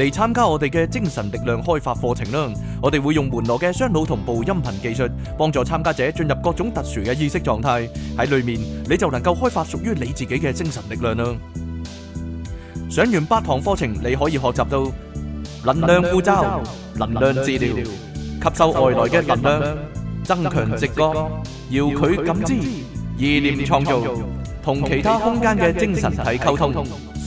嚟參加我哋嘅精神力量開發課程啦！我哋會用門羅嘅雙腦同步音頻技術，幫助參加者進入各種特殊嘅意識狀態。喺裡面你就能夠開發屬於你自己嘅精神力量啦！上完八堂課程，你可以學習到能量護罩、能量治療、吸收外來嘅能量、增強直覺、遙距感知、意念創造、同其他空間嘅精神體溝通。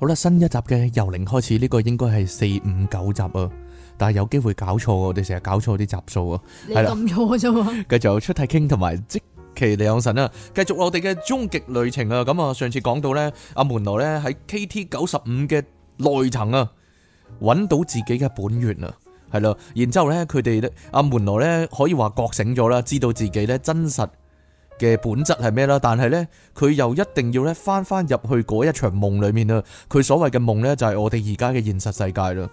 好啦，新一集嘅由零開始呢、這個應該係四五九集啊，但係有機會搞錯啊，我哋成日搞錯啲集數啊，係咁錯咋，繼續出太傾同埋即其李養神啊，繼續我哋嘅終極旅程啊！咁啊，上次講到咧，阿門羅咧喺 K T 九十五嘅內層啊，搵到自己嘅本源啊，係啦，然之後咧佢哋咧阿門羅咧可以話覺醒咗啦，知道自己咧真實。嘅本質係咩啦？但係呢，佢又一定要咧翻翻入去嗰一場夢裏面啊！佢所謂嘅夢呢，就係我哋而家嘅現實世界啦，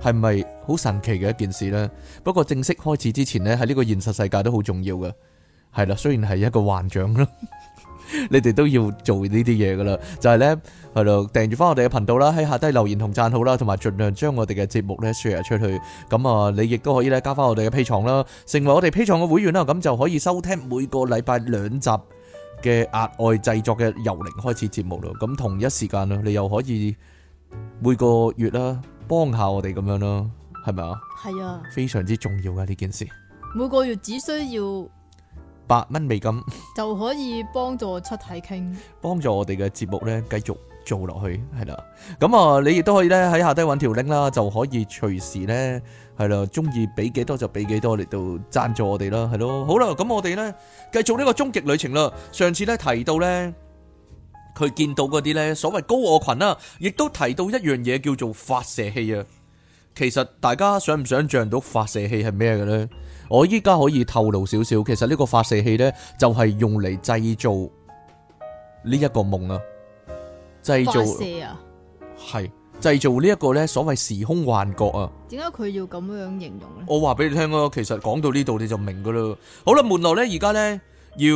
係咪好神奇嘅一件事咧？不過正式開始之前呢，喺呢個現實世界都好重要噶，係啦，雖然係一個幻象啦。 你哋都要做呢啲嘢噶啦，就係咧係咯，訂閱翻我哋嘅頻道啦，喺下低留言同讚好啦，同埋盡量將我哋嘅節目咧 share 出去。咁啊，你亦都可以咧加翻我哋嘅 Patreon 啦，成為我哋 Patreon 嘅會員啦，咁就可以收聽每個禮拜兩集嘅額外製作嘅由零開始節目咯。咁同一時間啊，你又可以每個月啦幫下我哋咁樣咯，係咪啊？係啊，非常之重要嘅呢件事。每個月只需要。八蚊美金就可以幫助出體傾，幫助我哋嘅節目咧繼續做落去，係啦。咁啊，你亦都可以咧喺下低揾條 link 啦，就可以隨時咧係啦，鍾意俾幾多就俾幾多嚟到贊助我哋啦，係咯。好啦，咁我哋咧繼續呢個終極旅程啦。上次咧提到咧，佢見到嗰啲咧所謂高我群、啦、啊，亦都提到一樣嘢叫做發射器啊。其實大家想唔想象到發射器係咩嘅咧？我依家可以透露少少，其實呢個發射器咧，就係用嚟製造呢一個夢啦，製造係製造呢一個咧所謂時空幻覺啊。點解佢要咁樣形容咧？我話俾你聽咯，其實講到呢度你就明噶啦。好啦，門羅咧而家咧要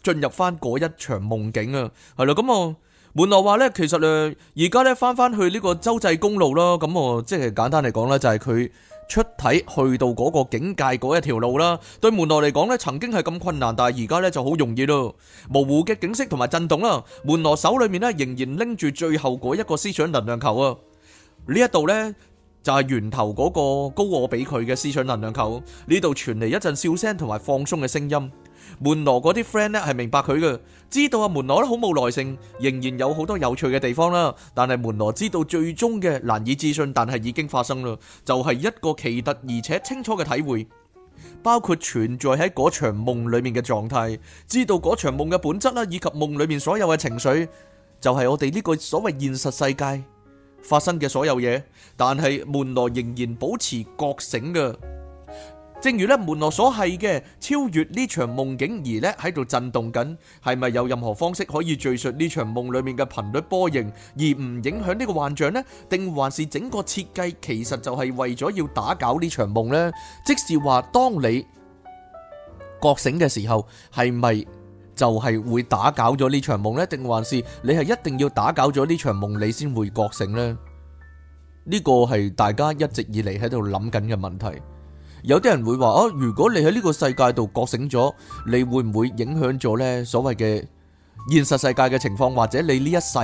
進入翻嗰一場夢境啊，係啦，咁我門羅話咧，其實誒而家咧翻翻去呢個州際公路咯，咁我即係簡單嚟講咧，就係佢。出體去到嗰個境界嗰一條路啦，對門羅嚟講咧，曾經係咁困難，但係而家呢就好容易咯。模糊嘅景色同埋震動啦，門羅手裏面呢仍然拎住最後嗰一個思想能量球啊！呢一度呢，就係源頭嗰個高我俾佢嘅思想能量球，呢度傳嚟一陣笑聲同埋放鬆嘅聲音。門羅嗰啲 friend 咧係明白佢嘅，知道阿門羅好冇耐性，仍然有好多有趣嘅地方啦。但係門羅知道最終嘅難以置信，但係已經發生啦，就係一個奇特而且清楚嘅體會，包括存在喺嗰場夢裏面嘅狀態，知道嗰場夢嘅本質啦，以及夢裏面所有嘅情緒，就係我哋呢個所謂現實世界發生嘅所有嘢。但係門羅仍然保持覺醒嘅。正如咧門羅所係嘅，超越呢場夢境而呢喺度震動緊，係咪有任何方式可以敘述呢場夢裏面嘅頻率波形，而唔影響呢個幻象呢？定還是整個設計其實就係為咗要打攪呢場夢呢？即是話，當你覺醒嘅時候，係咪就係會打攪咗呢場夢呢？定還是你係一定要打攪咗呢場夢你先會覺醒呢？呢個係大家一直以嚟喺度諗緊嘅問題。有啲人會話哦，如果你喺呢個世界度覺醒咗，你會唔會影響咗咧？所謂嘅現實世界嘅情況，或者你呢一世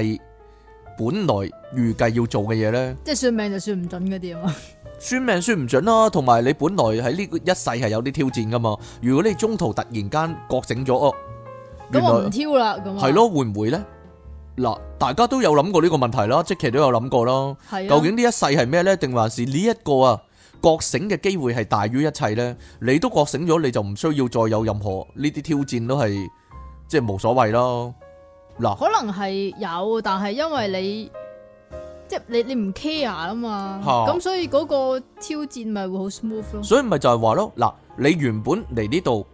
本來預計要做嘅嘢咧？即係算命就算唔準嗰啲啊嘛？算命算唔準啦，同埋你本來喺呢一世係有啲挑戰噶嘛。如果你中途突然間覺醒咗哦，咁我唔挑啦，咁係咯，會唔會咧？嗱，大家都有諗過呢個問題啦，即係其實都有諗過啦。係究竟呢一世係咩咧？定還是呢一個啊？覺醒嘅機會係大於一切呢，你都覺醒咗，你就唔需要再有任何呢啲挑戰都係即係無所謂咯。嗱，可能係有，但係因為你即係你你唔 care 啊嘛，咁所以嗰個挑戰咪會好 smooth 咯。所以咪就係話咯，嗱，你原本嚟呢度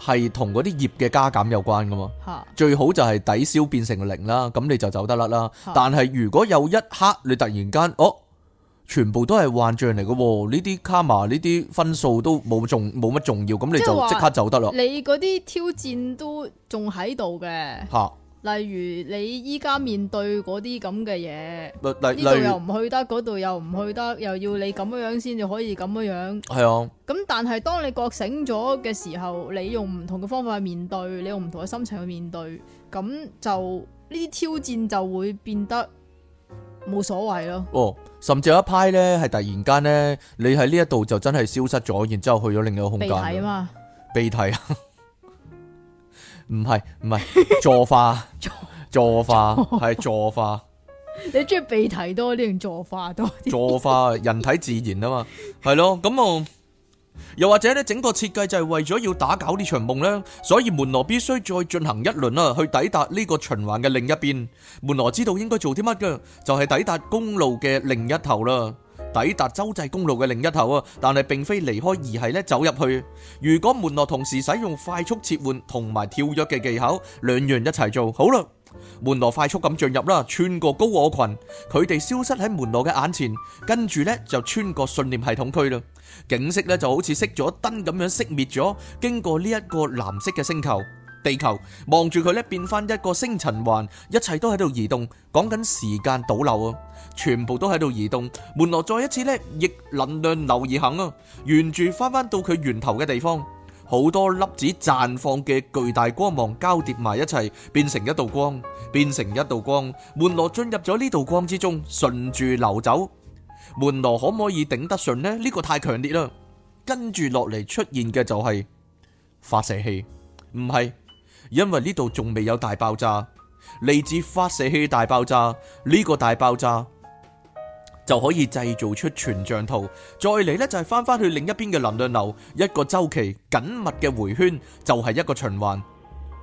係同嗰啲業嘅加減有關噶嘛，最好就係抵消變成零啦，咁你就走得甩啦。但係如果有一刻你突然間，哦！全部都係幻象嚟噶喎，呢啲卡碼，呢啲分數都冇重冇乜重要，咁你就即刻走得咯。你嗰啲挑戰都仲喺度嘅，吓哈，例如你依家面對嗰啲咁嘅嘢，呢度又唔去得，嗰度又唔去得，又要你咁樣樣先至可以咁樣樣。係啊，咁但係當你覺醒咗嘅時候，你用唔同嘅方法去面對，你用唔同嘅心情去面對，咁就呢啲挑戰就會變得。冇所謂咯。哦，甚至有一批咧，係突然間咧，你喺呢一度就真係消失咗，然之後去咗另一個空間。鼻涕嘛？鼻涕啊？唔係唔係坐化？坐化係坐化。化化你中意鼻涕多啲定坐化多啲？坐化，人體自然啊嘛，係 咯。 咁、嗯、我。 又或者咧，整個設計就係為咗要打攪呢場夢啦，所以門羅必須再進行一輪啦，去抵達呢個循環嘅另一邊。門羅知道應該做啲乜嘅，就係抵達公路嘅另一頭啦，抵達州際公路嘅另一頭啊，但係並非離開，而係咧走入去。如果門羅同時使用快速切換同埋跳躍嘅技巧，兩樣一齊做好啦。門羅快速咁進入啦，穿過高我群，佢哋消失喺門羅嘅眼前，跟住呢，就穿過信念系統區啦，景色咧就好似熄咗燈咁樣熄滅咗，經過呢一個藍色嘅星球地球，望住佢咧變翻一個星塵環，一切都喺度移動，講緊時間倒流啊，全部都喺度移動，門羅再一次呢，逆能量流而行啊，沿住翻返到佢源頭嘅地方。好多粒子綻放嘅巨大光芒交疊埋一齊，變成一道光，變成一道光。門羅進入咗呢道光之中，順住流走。門羅可唔可以頂得順呢？呢個太強烈啦。跟住落嚟出現嘅就係發射器，唔係，因為呢度仲未有大爆炸，嚟自發射器大爆炸，呢個大爆炸，就可以製造出全像圖，再嚟呢，就係翻翻去另一邊嘅能量流，一個周期緊密嘅回圈，就係一個循環。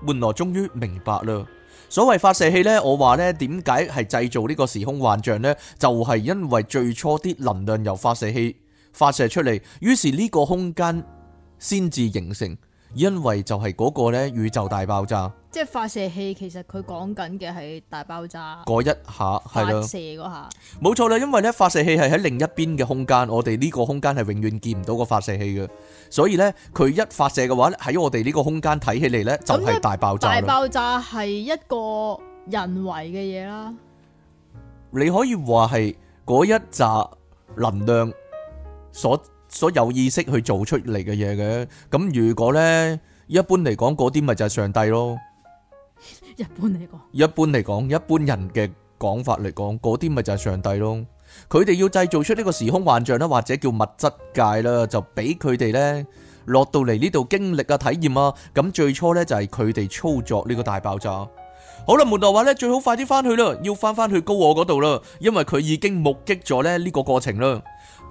換來終於明白啦，所謂發射器呢，我話呢，點解係製造呢個時空幻象呢？就係因為最初啲能量由發射器發射出嚟，於是呢個空間先至形成。因為就係嗰個呢宇宙大爆炸，即係發射器，其實佢講緊嘅係大爆炸嗰一下，發射嗰下，冇錯啦。因為呢發射器係喺另一邊嘅空間，我哋呢個空間係永遠見唔到個發射器嘅，所以呢，佢一發射嘅話喺我哋呢個空間睇起嚟呢，就係大爆炸。大爆炸係一個人為嘅嘢啦，你可以話係嗰一紮能量所。所有意識去做出嚟嘅嘢嘅，咁如果咧，一般嚟講嗰啲咪就係上帝咯。一般嚟講，一般嚟講，一般人嘅講法嚟講，嗰啲咪就係上帝咯。佢哋要製造出呢個時空幻象啦，或者叫物質界啦，就俾佢哋咧落到嚟呢度經歷啊、體驗啊。咁最初咧就係佢哋操作呢個大爆炸。好啦，門徒話咧，最好快啲翻去啦，要翻翻去高我嗰度啦，因為佢已經目擊咗咧呢個過程啦。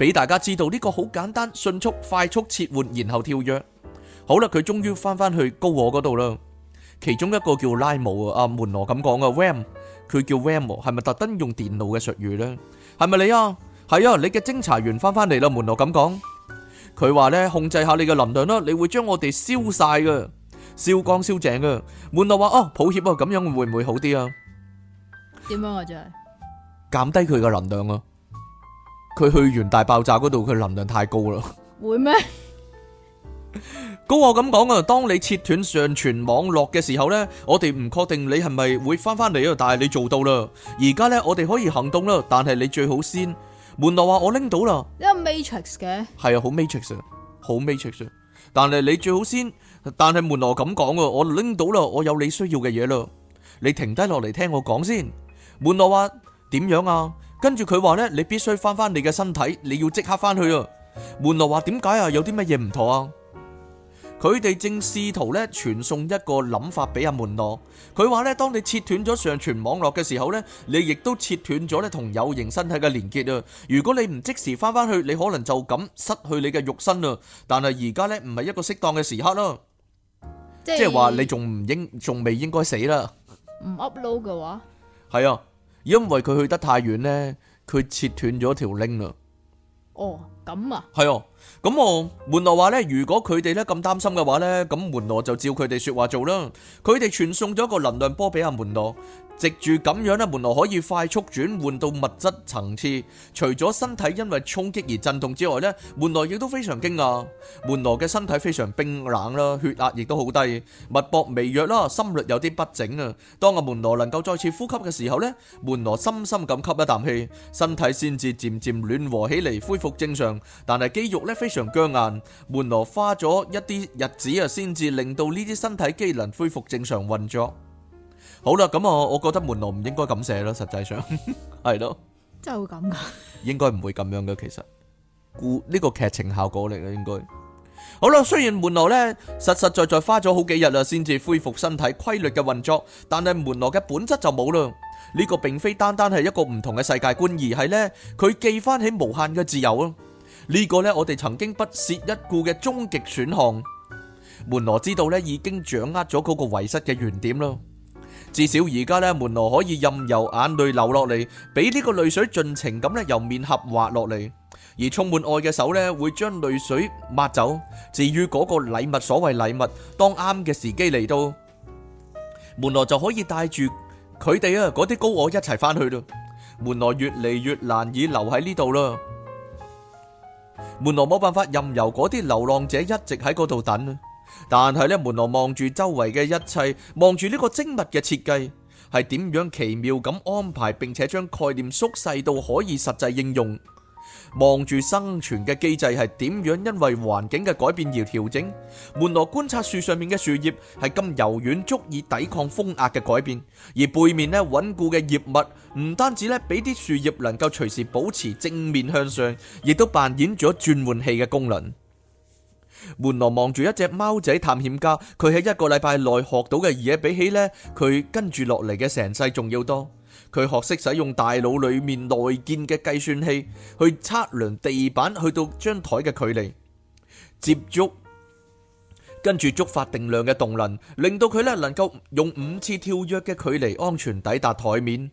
俾大家知道呢個好簡單、迅速、快速切換，然後跳躍。好啦，佢終於翻翻去高我嗰度啦。其中一個叫拉姆啊，門羅咁講噶 RAM，佢叫 RAM 喎，係咪特登用電腦嘅術語呢？係咪你啊？係啊，你嘅偵查員翻翻嚟啦，門羅咁講。佢話呢，控制下你嘅能量囉，你會將我哋燒晒㗎，燒光燒淨㗎。門羅話：哦，抱歉啊，咁樣會唔會好啲啊？點樣啊？就係減低佢嘅能量啊！佢去完大爆炸嗰度，佢能量太高啦。會咩？高我咁講啊！當你切斷上傳網絡嘅時候咧，我哋唔確定你係咪會翻翻嚟啊！但係你做到啦，而家咧我哋可以行動啦。但係你最好先。門羅話：我拎到啦。呢個 matrix 嘅？係啊，好 matrix 啊，好 matrix 啊。但係你最好先。但係門羅咁講啊，我拎到啦，我有你需要嘅嘢啦。你停低落嚟聽我講先。門羅話：點樣啊？跟住佢話咧，你必須翻翻你嘅身體，你要即刻翻去啊！門羅話，點解啊？有啲乜嘢唔妥啊？佢哋正試圖咧傳送一個諗法俾阿門羅。佢話咧，當你切斷咗上傳網絡嘅時候咧，你亦都切斷咗咧同有形身體嘅連結啊！如果你唔即時翻翻去，你可能就咁失去你嘅肉身啊！但係而家咧唔係一個適當嘅時刻啦，即係話你仲唔應仲未應該死啦？唔 upload 嘅話係啊。因為佢去得太遠呢，佢切斷咗條 link 啦。哦，咁啊，係哦、啊，咁、嗯、我門羅話呢，如果佢哋呢咁擔心嘅話呢，咁門羅就照佢哋說話做啦。佢哋傳送咗個能量波俾阿門羅。藉住咁樣咧，門羅可以快速轉換到物質層次。除咗身體因為衝擊而震動之外咧，門羅亦都非常驚訝。門羅嘅身體非常冰冷啦，血壓亦都好低，脈搏微弱啦，心率有啲不整啊。當阿門羅能夠再次呼吸嘅時候咧，門羅深深咁吸一啖氣，身體先至漸漸暖和起嚟，恢復正常。但係肌肉咧非常僵硬，門羅花咗一啲日子啊，先至令到呢啲身體機能恢復正常運作。好啦，咁我我覺得門羅唔應該咁寫咯。實際上係咯，真 係會咁噶？應該唔會咁樣噶。其實故呢個劇情效果嚟嘅應該好啦。雖然門羅呢實實在在在花咗好幾日啦，先至恢復身體規律嘅運作，但係門羅嘅本質就冇啦。呢個並非單單係一個唔同嘅世界觀，而係呢，佢記翻起無限嘅自由咯。呢個呢，我哋曾經不屑一顧嘅終極選項，門羅知道呢已經掌握咗嗰個遺失嘅原點咯。至少而家咧，門羅可以任由眼淚流落嚟，俾呢個淚水盡情咁咧由面頰滑落嚟，而充滿愛嘅手咧會將淚水抹走。至於嗰個禮物，所謂禮物，當啱嘅時機嚟到，門羅就可以帶住佢哋啊嗰啲高我一齊翻去啦。門羅越嚟越難以留喺呢度啦，門羅冇辦法任由嗰啲流浪者一直喺嗰度等但係咧，門羅望住周圍嘅一切，望住呢個精密嘅設計係點樣奇妙咁安排，並且將概念縮細到可以實際應用。望住生存嘅機制係點樣，因為環境嘅改變而調整。門羅觀察樹上面嘅樹葉係咁柔軟，足以抵抗風壓嘅改變，而背面咧穩固嘅葉物唔單止咧俾啲樹葉能夠隨時保持正面向上，亦都扮演咗轉換器嘅功能。門羅望住一隻貓仔探險家，佢喺一個禮拜內學到嘅嘢，比起呢，佢跟住落嚟嘅成世仲要多。佢學識使用大腦裏面內建嘅計算器去測量地板去到張台嘅距離，接觸跟住觸發定量嘅動能，令到佢呢能夠用五次跳躍嘅距離安全抵達台面。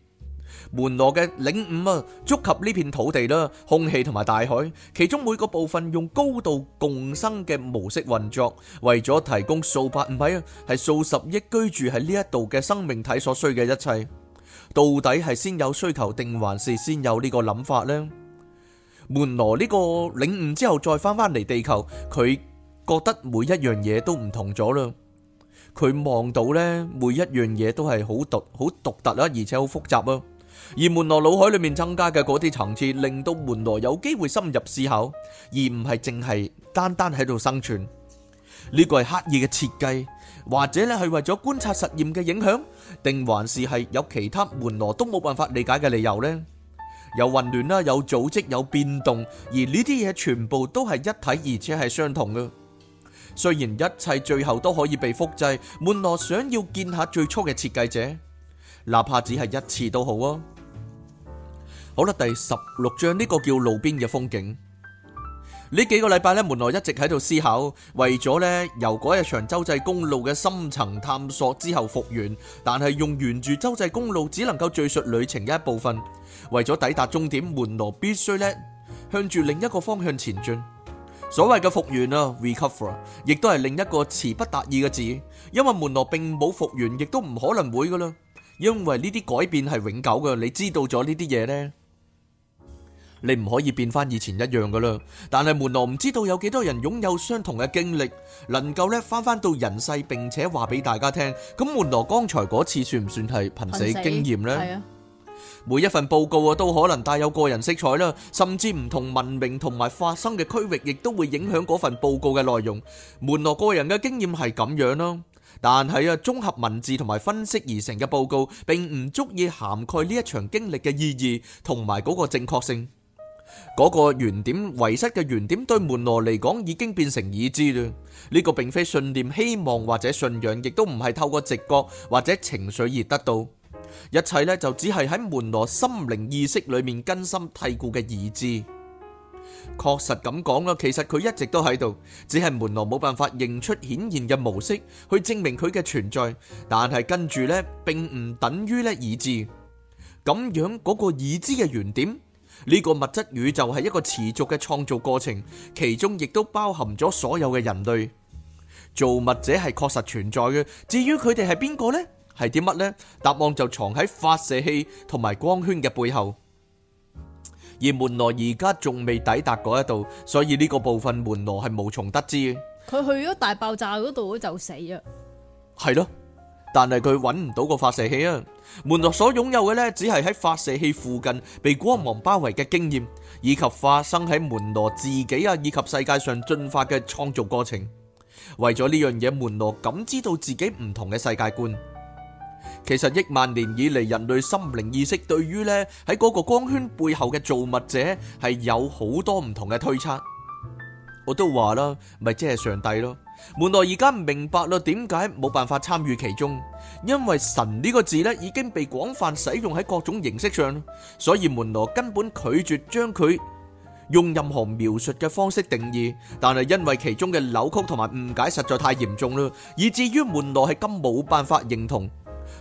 門羅嘅領悟啊，觸及呢片土地啦，空氣同埋大海，其中每個部分用高度共生嘅模式運作，為咗提供數百唔係啊，係數十億居住喺呢一度嘅生命體所需嘅一切。到底係先有需求定還是先有呢個諗法呢？門羅呢個領悟之後再翻返嚟地球，佢覺得每一樣嘢都唔同咗啦。佢望到呢，每一樣嘢都係好獨好獨特啊，而且好複雜啊。而門羅腦海裏面增加嘅嗰啲層次，令到門羅有機會深入思考，而唔係淨係單單喺度生存。呢個係刻意嘅設計，或者咧係為咗觀察實驗嘅影響，定還是係有其他門羅都冇辦法理解嘅理由呢？有混亂啦，有組織，有變動，而呢啲嘢全部都係一體而且係相同嘅。雖然一切最後都可以被複製，門羅想要見下最初嘅設計者，哪怕只係一次都好啊！好啦，第十六章呢個叫路邊嘅風景。呢幾個禮拜咧，門羅一直喺度思考，為咗咧由嗰一場州際公路嘅深層探索之後復原，但係用沿住州際公路只能夠敘述旅程嘅一部分。為咗抵達終點，門羅必須咧向住另一個方向前進。所謂嘅復原啊，Recover，亦都係另一個詞不達意嘅字，因為門羅並冇復原，亦都唔可能會噶啦，因為呢啲改變係永久嘅。你知道咗呢啲嘢呢？你唔可以變翻以前一樣噶啦，但係門羅唔知道有幾多人擁有相同嘅經歷，能夠咧翻翻到人世並且話俾大家聽。咁門羅剛才嗰次算唔算係瀕死經驗呢？每一份報告啊，都可能帶有個人色彩啦，甚至唔同文明同埋發生嘅區域，亦都會影響嗰份報告嘅內容。門羅個人嘅經驗係咁樣啦，但係啊，綜合文字同埋分析而成嘅報告，並唔足以涵蓋呢一場經歷嘅意義同埋嗰個正確性。嗰個原點，遺失嘅原點對門羅嚟講已經變成已知啦。呢個並非信念、希望或者信仰，亦都唔係透過直覺或者情緒而得到。一切呢，就只係喺門羅心靈意識裏面根深蒂固嘅已知。確實咁講啦，其實佢一直都喺度，只係門羅冇辦法認出顯現嘅模式去證明佢嘅存在。但係跟住呢，並唔等於咧已知。咁樣嗰個已知嘅原點。呢個物質宇宙係一個持續嘅創造過程，其中亦都包含咗所有嘅人類。造物者係確實存在嘅，至於佢哋係邊個呢？係啲乜呢？答案就藏喺發射器同埋光圈嘅背後。而門羅而家仲未抵達嗰一度，所以呢個部分門羅係無從得知嘅。佢去咗大爆炸嗰度就死啊！係咯，但係佢搵唔到個發射器啊！門羅所擁有嘅咧，只係喺發射器附近被光芒包圍嘅經驗，以及發生喺門羅自己啊，以及世界上進化嘅創造過程。為咗呢樣嘢，門羅感知到自己唔同嘅世界觀。其實億萬年以嚟，人類心靈意識對於咧喺嗰個光圈背後嘅造物者，係有好多唔同嘅推測。我都話啦，咪即係上帝咯。門羅而家唔明白啦，點解冇辦法參與其中？因為神呢個字呢已經被廣泛使用喺各種形式上，所以門羅根本拒絕將佢用任何描述嘅方式定義。但係因為其中嘅扭曲同埋誤解實在太嚴重啦，以至於門羅係根本冇辦法認同。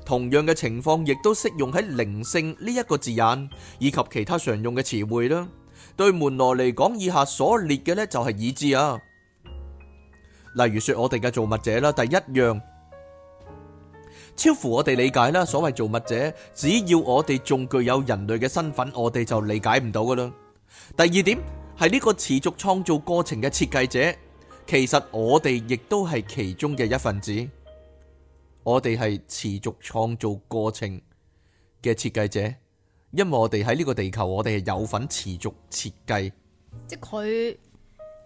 同樣嘅情況亦都適用喺靈性呢一個字眼以及其他常用嘅詞彙啦。對門羅嚟講，以下所列嘅呢就係已知啊。例如說我哋嘅造物者啦，第一樣。超乎我哋理解啦，所謂造物者，只要我哋仲具有人類嘅身份，我哋就理解唔到噶啦。第二點係呢個持續創造過程嘅設計者，其實我哋亦都係其中嘅一份子，我哋係持續創造過程嘅設計者，因為我哋喺呢個地球，我哋係有份持續設計，即佢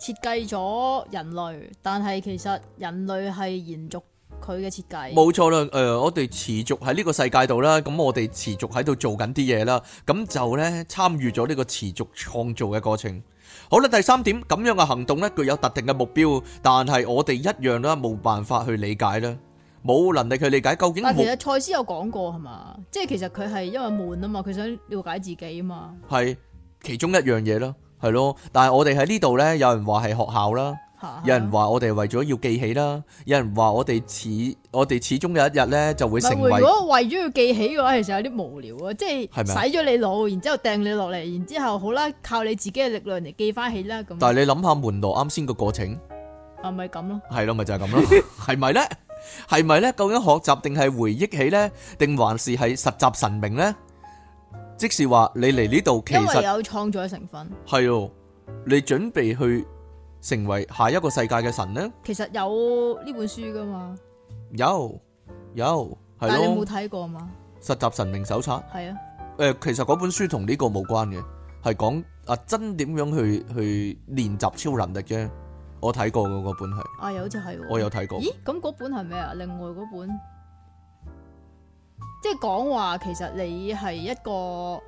設計咗人類，但係其實人類係延續。佢嘅設計冇錯啦，誒，我哋持續喺呢個世界度啦，咁我哋持續喺度做緊啲嘢啦，咁就咧參與咗呢個持續創造嘅過程。好啦，第三點，咁樣嘅行動咧具有特定嘅目標，但係我哋一樣啦，冇辦法去理解啦，冇能力去理解究竟。但係其實賽斯有講過係嘛，即係其實佢係因為悶啊嘛，佢想了解自己啊嘛，係其中一樣嘢啦，係咯。但係我哋喺呢度咧，有人話係學校啦。有人話我哋為咗要記起啦，有人話我哋始，我哋始終有一日咧就會成為。如果為咗要記起嘅話，其實有啲無聊啊，即係洗咗你腦，然之後掟你落嚟，然之後好啦，靠你自己嘅力量嚟記翻起啦。咁但係你諗下門羅啱先個過程係咪咁咯？係咯，咪就係咁咯？係咪咧？係咪咧？究竟學習定係回憶起咧，定還是係實習神明咧？即係話你嚟呢度，其實有創作嘅成分。係哦，你準備去。成為下一個世界嘅神呢？其實有呢本書㗎嘛？有有係咯。但你冇睇過嘛？實習神明手冊係啊。誒的、呃，其實嗰本書同呢個冇關嘅，係講阿珍點樣去去練習超能力啫。我睇過嗰本係。啊，有好、哦，好似係。我有睇過。咦？咁嗰本係咩啊？另外嗰本，即係講話，其實你係一個。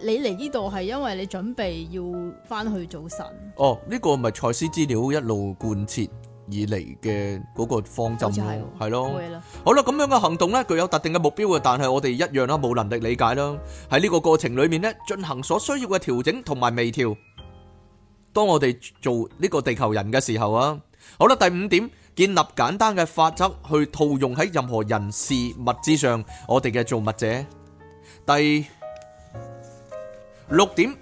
你嚟呢度係因為你準備要翻去做神？哦？呢、這個咪賽斯資料一路貫徹以嚟嘅嗰個方針係、嗯嗯嗯、咯，嗯、好啦，咁樣嘅行動呢，具有特定嘅目標嘅，但係我哋一樣啦，冇能力理解啦。喺呢個過程裏面呢，進行所需要嘅調整同埋微調。當我哋做呢個地球人嘅時候啊，好啦，第五點，建立簡單嘅法則去套用喺任何人事物之上，我哋嘅造物者第。六點，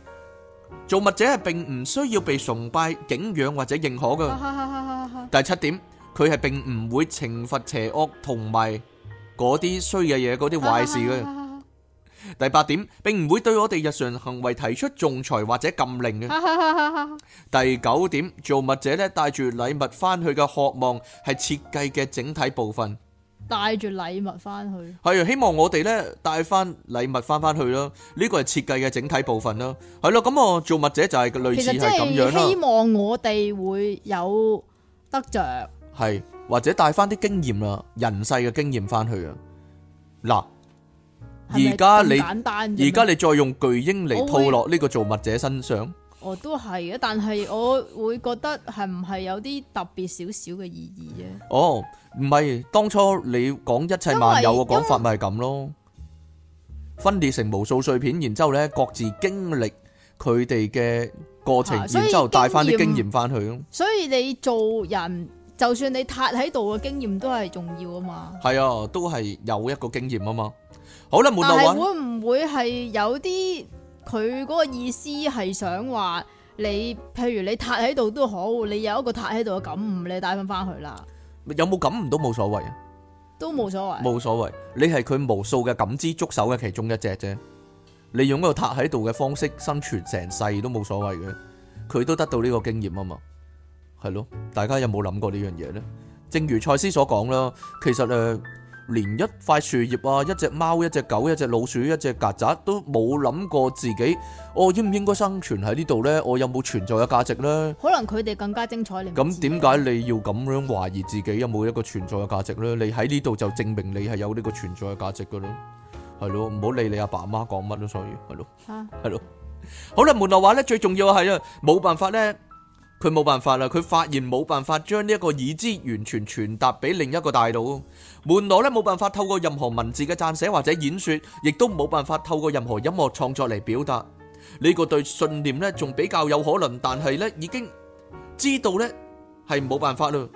造物者係並唔需要被崇拜、敬仰或者認可㗎。第七點，佢係並唔會懲罰邪惡同埋嗰啲衰嘅嘢，嗰啲壞事㗎。第八點，並唔會對我哋日常行為提出仲裁或者禁令嘅。第九點，造物者咧帶住禮物翻去嘅渴望係設計嘅整體部分。帶住禮物翻去，係啊！希望我哋咧帶翻禮物翻翻去咯，呢個係設計嘅整體部分咯，係咯。咁我做物者就係類似係咁樣啦。其實真係希望我哋會有得着，係或者帶翻啲經驗啦，人世嘅經驗翻去啊。嗱，而家你簡單而家你再用巨嬰嚟套落呢個做物者身上。哦，都係嘅，但係我會覺得係唔係有啲特別少少嘅意義嘅。哦，唔係，當初你講一切萬有嘅講法咪係咁咯，分裂成無數碎片，然之後咧各自經歷佢哋嘅過程，然之後帶翻啲經驗翻去咯。所以你做人，就算你踏喺度嘅經驗都係重要啊嘛。係啊，都係有一個經驗啊嘛。好啦，冇錯。但係會唔會係有啲？佢嗰個意思係想話你，譬如你塌喺度都好，你有一個塌喺度嘅感悟，你帶翻翻去啦。有冇感悟都冇所謂啊，都冇所謂。冇所，所謂，你係佢無數嘅感知觸手嘅其中一隻啫。你用嗰個塌喺度嘅方式生存成世都冇所謂嘅，佢都得到呢個經驗啊嘛。係咯，大家有冇諗過呢樣嘢咧？正如賽斯所講啦，其實誒。呃連一塊樹葉啊，一隻貓、一隻狗、一隻老鼠、一隻曱甴，都冇諗過自己我應唔應該生存喺呢度咧？我有冇存在嘅價值咧？可能佢哋更加精彩。咁點解你要咁樣懷疑自己有冇一個存在嘅價值咧？你喺呢度就證明你係有呢個存在嘅價值噶啦，係咯？唔好理你阿爸阿媽講乜咯，所以係咯，係咯。好啦，門內話咧，最重要係啊，冇辦法咧，佢冇辦法啦，佢發現冇辦法將呢一個已知完全傳達俾另一個大佬。門羅咧冇辦法透過任何文字嘅撰寫或者演說，亦都冇辦法透過任何音樂創作嚟表達。呢個對信念呢，仲比較有可能，但係呢已經知道呢係冇辦法啦。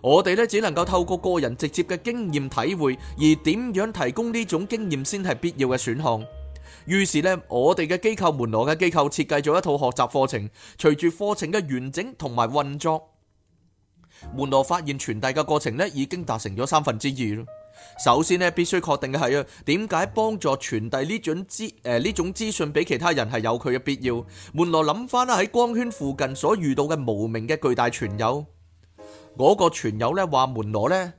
我哋呢只能夠透過個人直接嘅經驗體會，而點樣提供呢種經驗先係必要嘅選項。於是呢，我哋嘅機構門羅嘅機構設計咗一套學習課程，隨住課程嘅完整同埋運作。門羅發現傳遞嘅過程咧，已經達成咗三分之二咯。首先咧，必須確定嘅係啊，點解幫助傳遞呢種資誒呢種資訊俾其他人係有佢嘅必要？門羅諗翻啦，喺光圈附近所遇到嘅無名嘅巨大傳友，嗰個傳友咧話門羅咧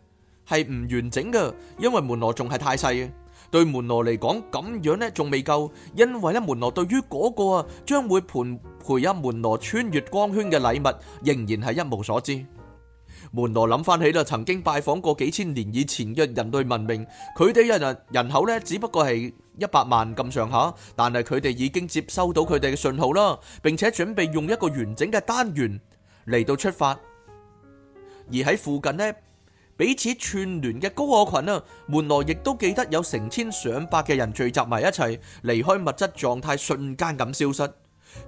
係唔完整嘅，因為門羅仲係太細。對門羅嚟講，咁樣咧仲未夠，因為咧門羅對於嗰個啊將會陪伴門羅穿越光圈嘅禮物，仍然係一無所知。門羅諗翻起啦，曾經拜訪過幾千年以前嘅人類文明，佢哋人人人口呢只不過係一百萬咁上下，但係佢哋已經接收到佢哋嘅信號啦，並且準備用一個完整嘅單元嚟到出發。而喺附近呢，彼此串聯嘅高我群啊，門羅亦都記得有成千上百嘅人聚集埋一齊，離開物質狀態，瞬間咁消失。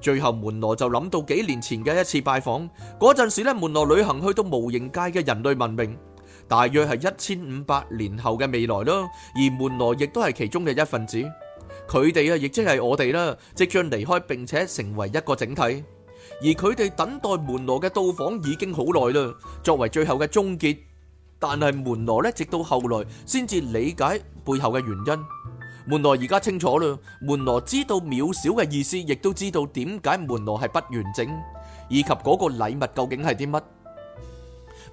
最後門羅就諗到幾年前嘅一次拜訪，嗰陣時咧門羅旅行去到無形界嘅人類文明，大約係一千五百年後嘅未來咯。而門羅亦都係其中嘅一份子，佢哋啊亦即係我哋啦，即將離開並且成為一個整體。而佢哋等待門羅嘅到訪已經好耐啦，作為最後嘅終結。但係門羅咧直到後來先至理解背後嘅原因。門羅而家清楚啦，門羅知道渺小嘅意思，亦都知道點解門羅係不完整，以及嗰個禮物究竟係啲乜。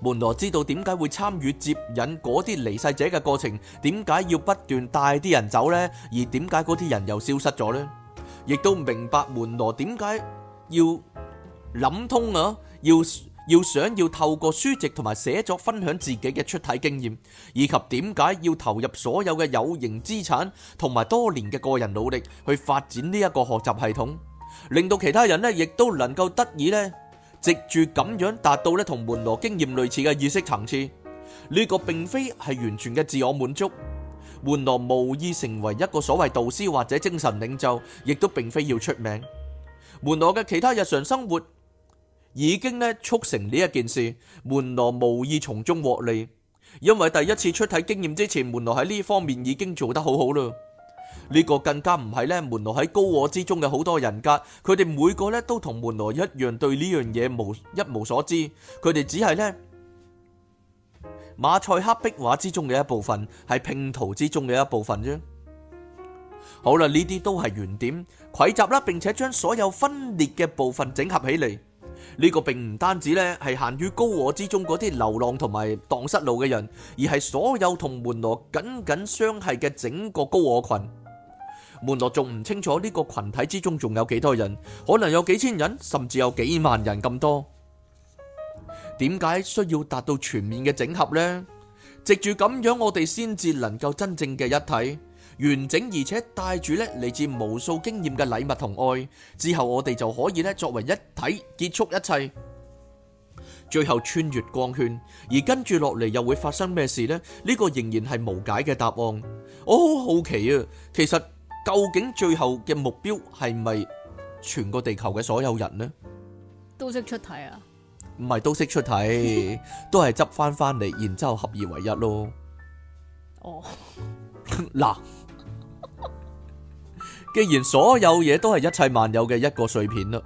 門羅知道點解會參與接引嗰啲離世者嘅過程，點解要不斷帶啲人走呢？而點解嗰啲人又消失咗呢？亦都明白門羅點解要諗通啊，要。要想要透過書籍同埋寫作分享自己嘅出體經驗，以及點解要投入所有嘅有形資產同埋多年嘅個人努力去發展呢一個學習系統，令到其他人呢亦都能夠得以呢，藉住咁樣達到呢同門羅經驗類似嘅意識層次。呢個並非係完全嘅自我滿足，門羅無意成為一個所謂導師或者精神領袖，亦都並非要出名。門羅嘅其他日常生活。已經咧促成呢一件事，門羅無意從中獲利，因為第一次出體經驗之前，門羅喺呢方面已經做得好好啦。呢、這個更加唔係咧，門羅喺高我之中嘅好多人格，佢哋每個咧都同門羅一樣對呢樣嘢無一無所知，佢哋只係咧馬賽克壁畫之中嘅一部分，係拼圖之中嘅一部分啫。好啦，呢啲都係原點，匯集啦，並且將所有分裂嘅部分整合起嚟。呢個並唔單止咧，係限於高我之中嗰啲流浪同埋蕩失路嘅人，而係所有同門羅緊緊相繫嘅整個高我群。門羅仲唔清楚呢個群體之中仲有幾多人，可能有幾千人，甚至有幾萬人咁多。點解需要達到全面嘅整合呢？藉住咁樣，我哋先至能夠真正嘅一體。完整而且帶住咧嚟自無數經驗嘅禮物同愛之後，我哋就可以咧作為一體結束一切，最後穿越光圈，而跟住落嚟又會發生咩事呢？呢個仍然係無解嘅答案。我好好奇啊，其實究竟最後嘅目標係咪全個地球嘅所有人呢？都識出體啊？唔係都識出體，都係執翻翻嚟，然之後合二為一咯。哦，嗱。既然所有嘢都係一切萬有嘅一個碎片啦，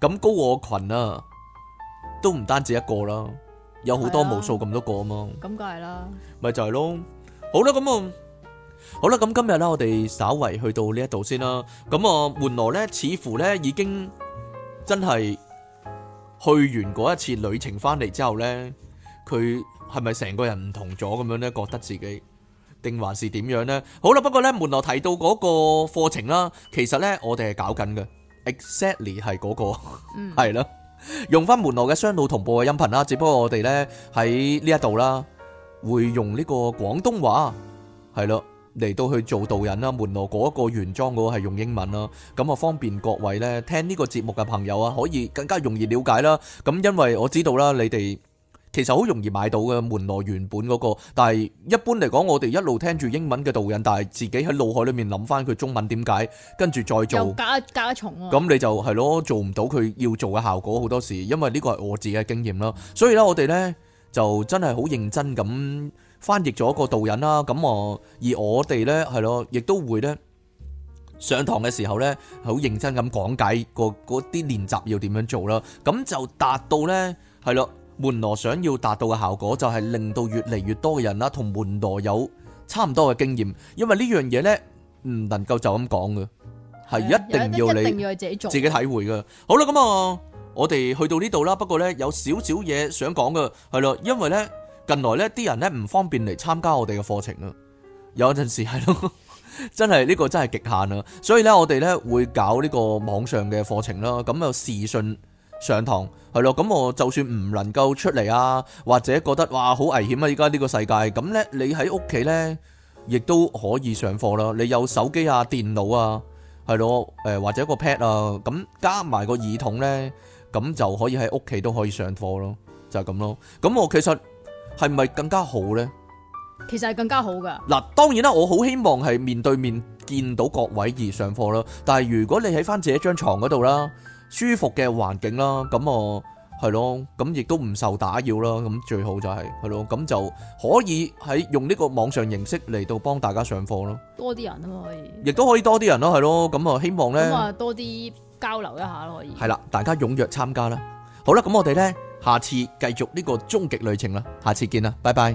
咁高我群啊，都唔單止一個啦，有好多無數咁多個啊嘛。咁梗係啦，咪就係咯。好啦，咁啊，好啦，咁今日咧，我哋稍為去到呢一度先啦。咁啊，換羅咧，似乎咧已經真係去完嗰一次旅程翻嚟之後咧，佢係咪成個人唔同咗咁樣咧？覺得自己，定還是點樣呢？好啦，不過呢，門羅提到嗰個課程啦，其實呢，我哋係搞緊嘅，exactly 其實好容易買到嘅門羅原本嗰個，但係一般嚟講，我哋一路聽住英文嘅導引，但係自己喺腦海裏面諗翻佢中文點解，跟住再做加加重啊！咁你就係咯，做唔到佢要做嘅效果好多時，因為呢個係我自己嘅經驗啦。所以咧，我哋咧就真係好認真咁翻譯咗個導引啦。咁我而我哋咧係咯，亦都會咧上堂嘅時候咧，好認真咁講解個嗰啲練習要點樣做啦。咁就達到咧係咯。門羅想要達到嘅效果就係令到越嚟越多嘅人啦，同門羅有差唔多嘅經驗，因為呢樣嘢呢唔能夠就咁講嘅，係一定要你要自己做、自己體會嘅。好啦，咁啊，我哋去到呢度啦，不過呢有少少嘢想講嘅係咯，因為呢近來呢啲人呢唔方便嚟參加我哋嘅課程啊，有陣時係咯，真係呢個真係極限啊，所以呢我哋呢會搞呢個網上嘅課程啦，咁啊視訊上堂。係咯，咁我就算唔能夠出嚟啊，或者覺得哇好危險啊！依家呢個世界，咁呢你喺屋企呢，亦都可以上課啦。你有手機啊、電腦啊，係咯，誒、呃、或者個 pad 啊，咁加埋個耳筒呢，咁就可以喺屋企都可以上課、就是、咯。就係咁咯。咁我其實係咪更加好呢？其實係更加好噶。嗱，當然啦，我好希望係面對面見到各位而上課啦。但係如果你喺翻自己張床嗰度啦。舒服嘅環境啦，咁我係咯，咁亦都唔受打擾啦，咁最好就係係咯，咁就可以喺用呢個網上形式嚟到幫大家上課咯，多啲人啊嘛可以，亦都可以多啲人咯，係咯，咁啊希望咧咁啊多啲交流一下咯，可以，係啦，大家踴躍參加啦，好啦，咁我哋咧下次繼續呢個終極旅程啦，下次見啦，拜拜。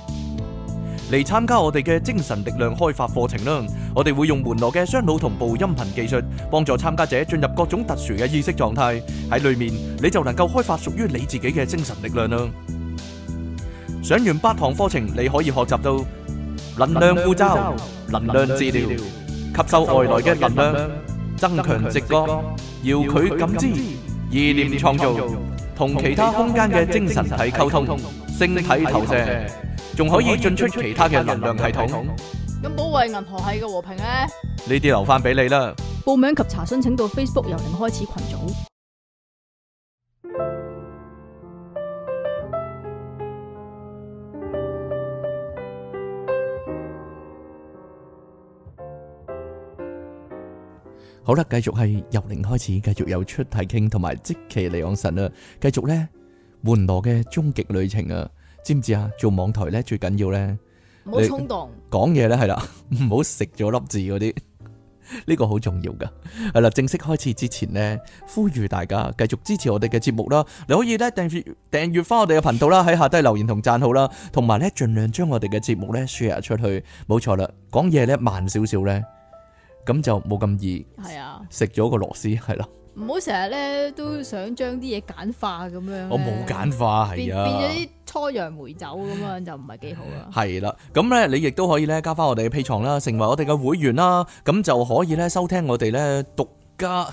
嚟參加我哋嘅精神力量開發課程啦！我哋會用門羅嘅雙腦同步音頻技術，幫助參加者進入各種特殊嘅意識狀態。喺裏面你就能夠開發屬於你自己嘅精神力量啦！上完八堂課程，你可以學習到能量護罩、能量治療、吸收外來嘅能量、增強直覺、遙距感知、意念創造、同其他空間嘅精神體溝通、星體投射。仲可以進出其他嘅能量系統。咁保衛銀河系嘅和平咧？呢啲留翻俾你啦。報名及查詢請到 Facebook 由零開始群組。好啦，繼續係由零開始，繼續有出體傾同埋即期嚟往神啊！繼續咧，門羅嘅終極旅程啊！知唔知啊？做網台咧最緊要咧，唔好衝動講嘢咧，係啦，唔好食咗粒字嗰啲，呢 個好重要噶。係啦，正式開始之前咧，呼籲大家繼續支持我哋嘅節目啦。你可以咧訂閱訂閱翻我哋嘅頻道啦，喺下低留言同讚好啦，同埋咧盡量將我哋嘅節目咧 share 出去。冇錯啦，講嘢咧慢少少咧，咁就冇咁易。係啊，食咗個螺絲係啦。唔好成日咧都想將啲嘢簡化咁樣。我冇簡化，係啊。變咗啲。初陽梅酒咁樣就唔係幾好啦。係啦，咁咧你亦都可以咧加翻我哋嘅 P 床啦，成為我哋嘅會員啦，咁就可以咧收聽我哋咧獨家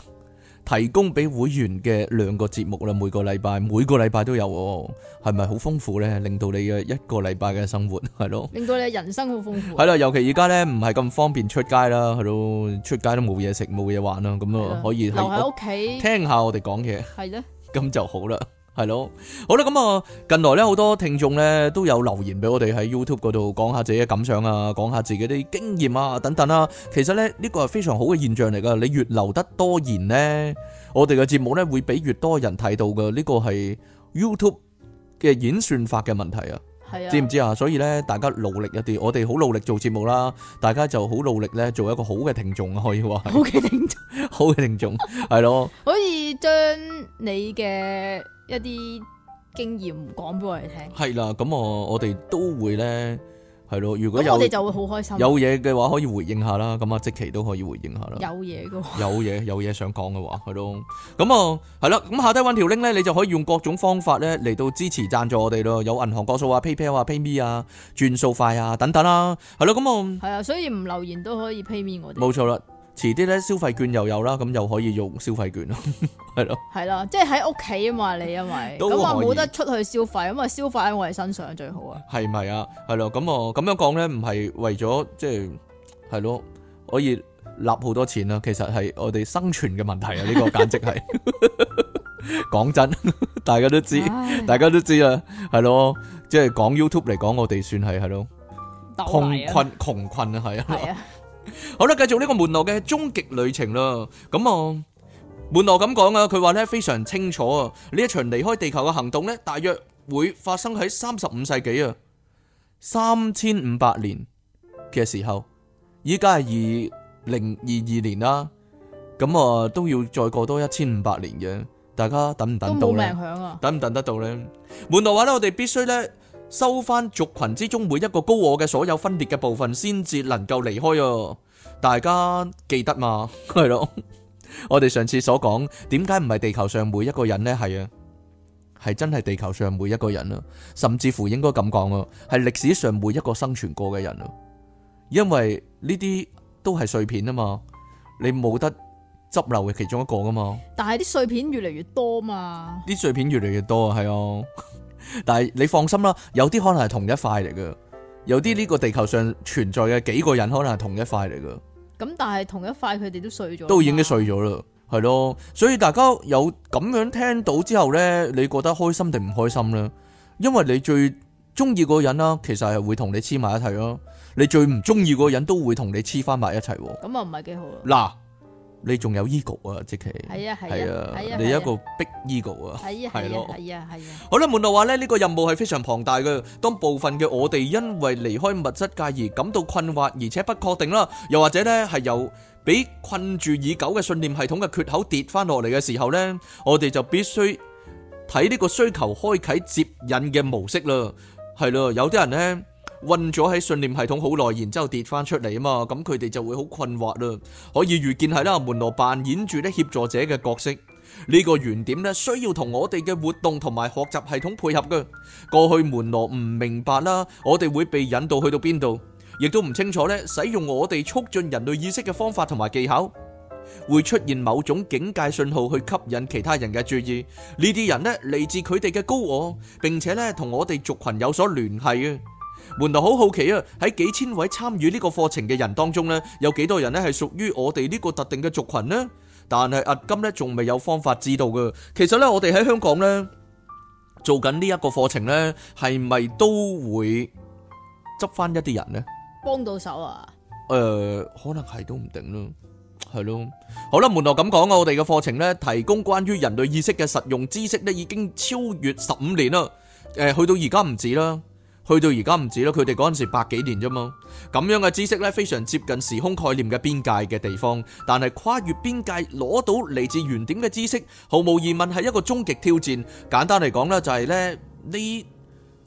提供俾會員嘅兩個節目啦。每個禮拜每個禮拜都有，係咪好豐富咧？令到你嘅一個禮拜嘅生活係咯，令到你人生好豐富。係啦，尤其而家咧唔係咁方便出街啦，係咯，出街都冇嘢食冇嘢玩啦，咁啊了可以喺屋企聽下我哋講嘢，係咧的，咁就好啦。係咯，好啦，咁啊，近來咧好多聽眾咧都有留言俾我哋喺 YouTube 度講下自己嘅感想啊，講下自己啲經驗啊等等啦。其實咧呢、呢個係非常好嘅現象嚟噶，你越留得多言呢，我哋嘅節目咧會俾越多人睇到嘅呢、呢個係 YouTube 嘅演算法嘅問題啊。係啊的，知唔知啊？所以咧，大家努力一啲，我哋好努力做節目啦，大家就好努力咧做一個好嘅聽眾可以話。好嘅聽眾，好嘅聽眾，係咯 的可以將你嘅。一啲經驗講俾我哋聽，係啦，咁我我哋都會咧，係咯。如果有我哋就會好開心。有嘢嘅話可以回應下啦，咁啊即期都可以回應下啦。有嘢嘅話，有嘢有嘢想講嘅話，係咯、 嗯。咁啊，係啦。咁下低揾條 link 咧，你就可以用各種方法咧嚟到支持贊助我哋咯。有銀行個數啊、PayPal 啊、PayMe 啊、轉數快啊等等啦，係咯。咁啊，係啊，所以唔留言都可以 PayMe 我哋。冇錯啦。遲啲咧，消費券又有啦，咁又可以用消費券 係咯，係咯，係咯，即係喺屋企啊嘛，你因為咁我冇得出去消費，咁啊消費喺我哋身上最好是是啊，係咪啊？係咯，咁我咁樣講咧，唔係為咗即係係咯，可以立好多錢啊，其實係我哋生存嘅問題啊，呢 個簡直係講 真，大家都知，唉唉大家都知啊，係咯，即係講 YouTube 嚟講，我哋算係係咯，窮困窮困啊，係啊。對咯 好啦，繼續呢個門羅嘅終極旅程啦。咁、嗯、啊，門羅咁講啊，佢話咧非常清楚啊，呢一場離開地球嘅行動咧，大約會發生喺三十五世紀啊，三千五百年嘅時候。依家係二零二二年啦，咁、嗯、啊都要再過多一千五百年嘅，大家等唔等到咧？啊、等唔等得到咧？門羅話咧，我哋必須咧收翻族群之中每一個高我嘅所有分裂嘅部分，先至能夠離開啊。大家記得嘛？係咯，我哋上次所講點解唔係地球上每一個人呢？係啊，係真係地球上每一個人啊，甚至乎應該咁講咯，係歷史上每一個生存過嘅人啊。因為呢啲都係碎片啊嘛，你冇得執留嘅其中一個噶嘛。但係啲碎片越嚟越多嘛。啲碎片越嚟越多啊，係啊。但係你放心啦，有啲可能係同一塊嚟嘅，有啲呢個地球上存在嘅幾個人可能係同一塊嚟嘅。咁但係同一塊佢哋都碎咗，都已經碎咗啦，係咯。所以大家有咁樣聽到之後呢，你覺得開心定唔開心呢？因為你最中意嗰個人啦，其實係會同你黐埋一齊咯。你最唔中意嗰個人都會同你黐翻埋一齊，咁啊唔係幾好咯。嗱。 你仲有 ego 啊，即係，係啊，係啊，你一個逼 ego 啊，係啊，係咯，係啊，係啊。好啦，門路話咧，呢個任務係非常龐大嘅。當部分嘅我哋因為離開物質界而感到困惑，而且不確定啦，又或者咧係由被困住已久嘅信念系統嘅缺口跌翻落嚟嘅時候咧，我哋就必須睇呢個需求開啟接引嘅模式啦。係咯，有啲人咧。困咗喺信念系統好耐，然之後跌翻出嚟啊嘛，咁佢哋就會好困惑啦。可以預見係啦，門羅扮演住咧協助者嘅角色，呢個原點咧需要同我哋嘅活動同埋學習系統配合嘅。過去門羅唔明白啦，我哋會被引導去到邊度，亦都唔清楚咧使用我哋促進人類意識嘅方法同埋技巧會出現某種警戒信號去吸引其他人嘅注意。呢啲人咧嚟自佢哋嘅高我，並且咧同我哋族群有所聯繫嘅。門羅好好奇啊！喺幾千位參與呢個課程嘅人當中咧，有幾多人咧係屬於我哋呢個特定嘅族群呢？但係阿金咧仲未有方法知道嘅。其實咧，我哋喺香港咧做緊呢一個課程咧，係咪都會執翻一啲人咧？幫到手啊？誒，可能係都唔定咯，係咯。好啦，門羅咁講啊，我哋嘅課程咧，提供關於人類意識嘅實用知識咧，已經超越十五年啦。誒，去到而家唔止啦。去到而家唔止咯，佢哋嗰陣時百幾年啫嘛，咁樣嘅知識咧非常接近時空概念嘅邊界嘅地方，但係跨越邊界攞到嚟自原點嘅知識，毫無疑問係一個終極挑戰。簡單嚟講咧，就係咧，你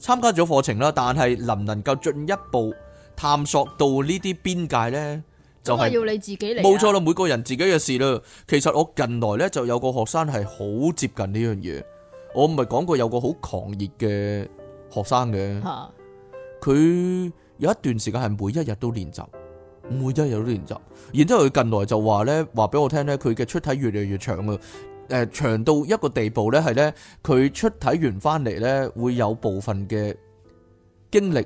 參加咗課程啦，但係能唔能夠進一步探索到呢啲邊界咧，就係要你自己嚟啊。冇錯啦，每個人自己嘅事啦。其實我近來咧就有個學生係好接近呢樣嘢，我唔係講過有個好狂熱嘅。學生嘅，佢有一段時間係每一日都練習，每一日都練習。然之後佢近來就話呢，話俾我聽呢，佢嘅出體越嚟越長啊，誒、呃，長到一個地步呢，係呢，佢出體完翻嚟呢，會有部分嘅經歷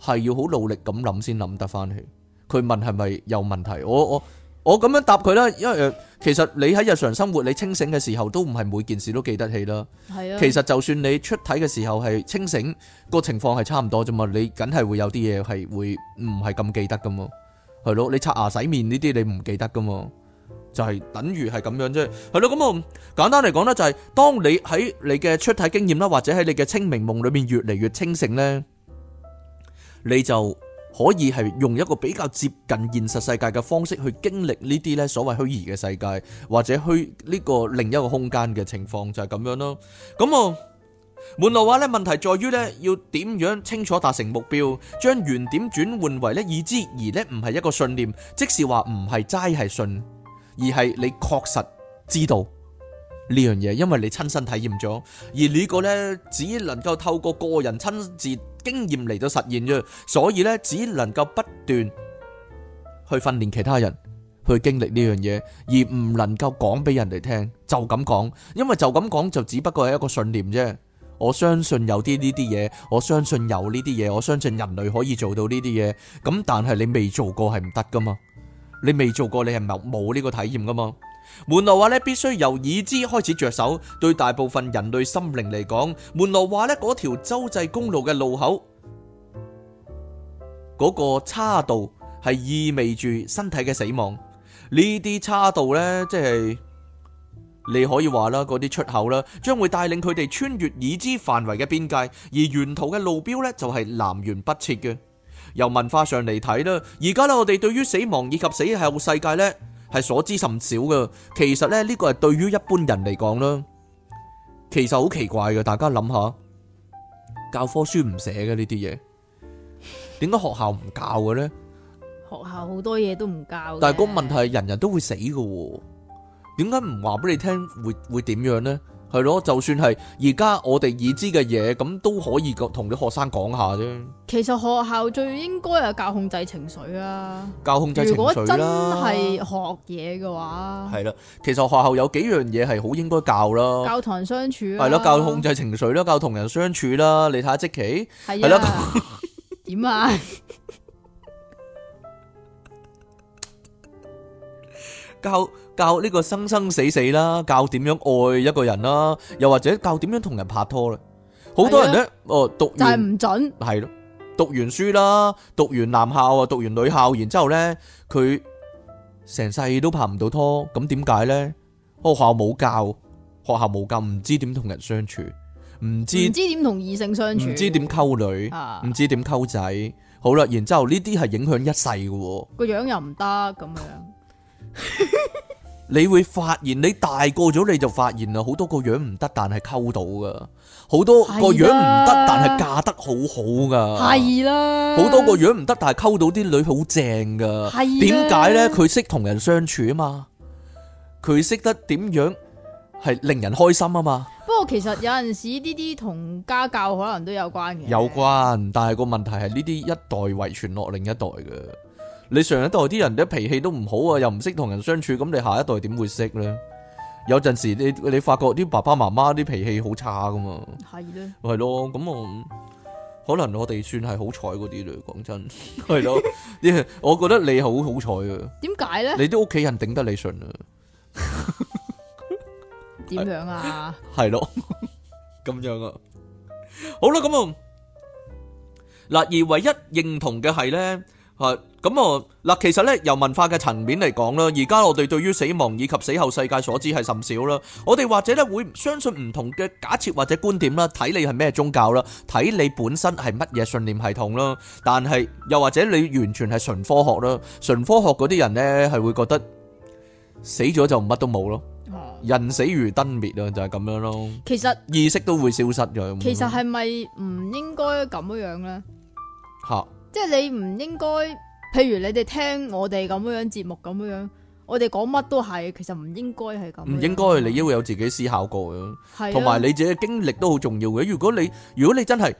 係要好努力咁諗先諗得翻去。佢問係咪有問題？我我。我咁樣答佢啦，因為誒，其實你喺日常生活你清醒嘅時候都唔係每件事都記得起啦。係啊。其實就算你出體嘅時候係清醒，個情況係差唔多啫嘛。你梗係會有啲嘢係會唔係咁記得噶嘛？係咯，你刷牙、洗面呢啲你唔記得噶嘛？就係等於係咁樣啫。係咯，咁啊簡單嚟講咧，就係當你喺你嘅出體經驗啦，或者喺你嘅清明夢裏面越嚟越清醒呢，你就。可以係用一個比較接近現實世界嘅方式去經歷呢啲咧，所謂虛擬嘅世界，或者虛呢個另一個空間嘅情況就係、是、咁樣咯。咁啊，門路話咧，問題在於咧，要點樣清楚達成目標，將原點轉換為呢已知，而呢唔係一個信念，即是話唔係齋係信，而係你確實知道呢樣嘢，因為你親身體驗咗。而呢個呢只能夠透過個人親自。經驗嚟到實現啫，所以呢只能夠不斷去訓練其他人去經歷呢樣嘢，而唔能夠講俾人哋聽就咁講，因為就咁講就只不過係一個信念啫。我相信有啲呢啲嘢，我相信有呢啲嘢，我相信人類可以做到呢啲嘢。咁但係你未做過係唔得噶嘛，你未做過你係冇冇呢個體驗噶嘛。門羅話咧，必須由已知開始着手。對大部分人類心靈嚟講，門羅話咧，嗰條州際公路嘅路口，嗰個岔道係意味住身體嘅死亡。呢啲岔道咧，即係你可以話啦，嗰啲出口啦，將會帶領佢哋穿越已知範圍嘅邊界，而沿途嘅路標咧就係南轅北轍嘅。由文化上嚟睇啦，而家啦，我哋對於死亡以及死後世界咧，係所知甚少嘅。其實咧呢個係對於一般人嚟講啦，其實好奇怪嘅，大家諗下，教科書唔寫嘅呢啲嘢，點解學校唔教嘅咧？學校好多嘢都唔教。但係個問題係人人都會死嘅喎，點解唔話俾你聽會會點樣咧？係咯，就算係而家我哋已知嘅嘢，咁都可以同啲學生講下啫。其實學校最應該係教控制情緒啊，教控制情緒啦。如果真係學嘢嘅話，係啦，其實學校有幾樣嘢係好應該教啦。教同人相處，係咯，教控制情緒啦，教同人相處啦。你睇下積奇，係啦，點啊？教教呢個生生死死啦，教點樣愛一個人啦，又或者教點樣同人拍拖啦。好多人呢，哦，讀就係唔准，係咯，讀完書啦，讀完男校啊，讀完女校，然之後呢，佢成世都拍唔到拖，咁點解呢？哦，學校冇教，學校冇教，唔知點同人相處，唔知唔知點同異性相處，唔知點溝女，唔知點溝仔，好啦，然之後呢啲係影響一世嘅，個樣又唔得咁樣。你會發現，你大個咗你就發現啦，好多個樣唔得，但係溝到噶，好多個樣唔得，但係嫁得好好噶，係啦，好多個樣唔得，但係溝到啲女好正噶，係點解呢？佢識同人相處啊嘛，佢識得點樣係令人開心啊嘛。不過其實有陣時呢啲同家教可能都有關嘅，有關。但係個問題係呢啲一代遺傳落另一代嘅。你上一代啲人啲脾氣都唔好啊，又唔識同人相處，咁你下一代點會識咧？有陣時你你發覺啲爸爸媽媽啲脾氣好差噶嘛？係咯，係咯，咁我可能我哋算係好彩嗰啲啦，講真，係咯，我我覺得你好好彩啊！點解咧？你啲屋企人頂得你順啊？點樣啊？係咯，咁樣啊？好啦，咁啊，嗱而唯一認同嘅係咧，啊。咁啊嗱，其實咧由文化嘅層面嚟講啦，而家我哋對於死亡以及死後世界所知係甚少啦。我哋或者咧會相信唔同嘅假設或者觀點啦，睇你係咩宗教啦，睇你本身係乜嘢信念系統啦。但係又或者你完全係純科學啦，純科學嗰啲人咧係會覺得死咗就乜都冇咯，人死如燈滅啊，就係咁樣咯。其實意識都會消失咗。其實係咪唔應該咁樣樣咧？吓，即係你唔應該。譬如你哋聽我哋咁樣節目咁樣，我哋講乜都係，其實唔應該係咁。唔應該，你應該有自己思考過嘅，同埋你自己嘅經歷都好重要嘅。如果你如果你真係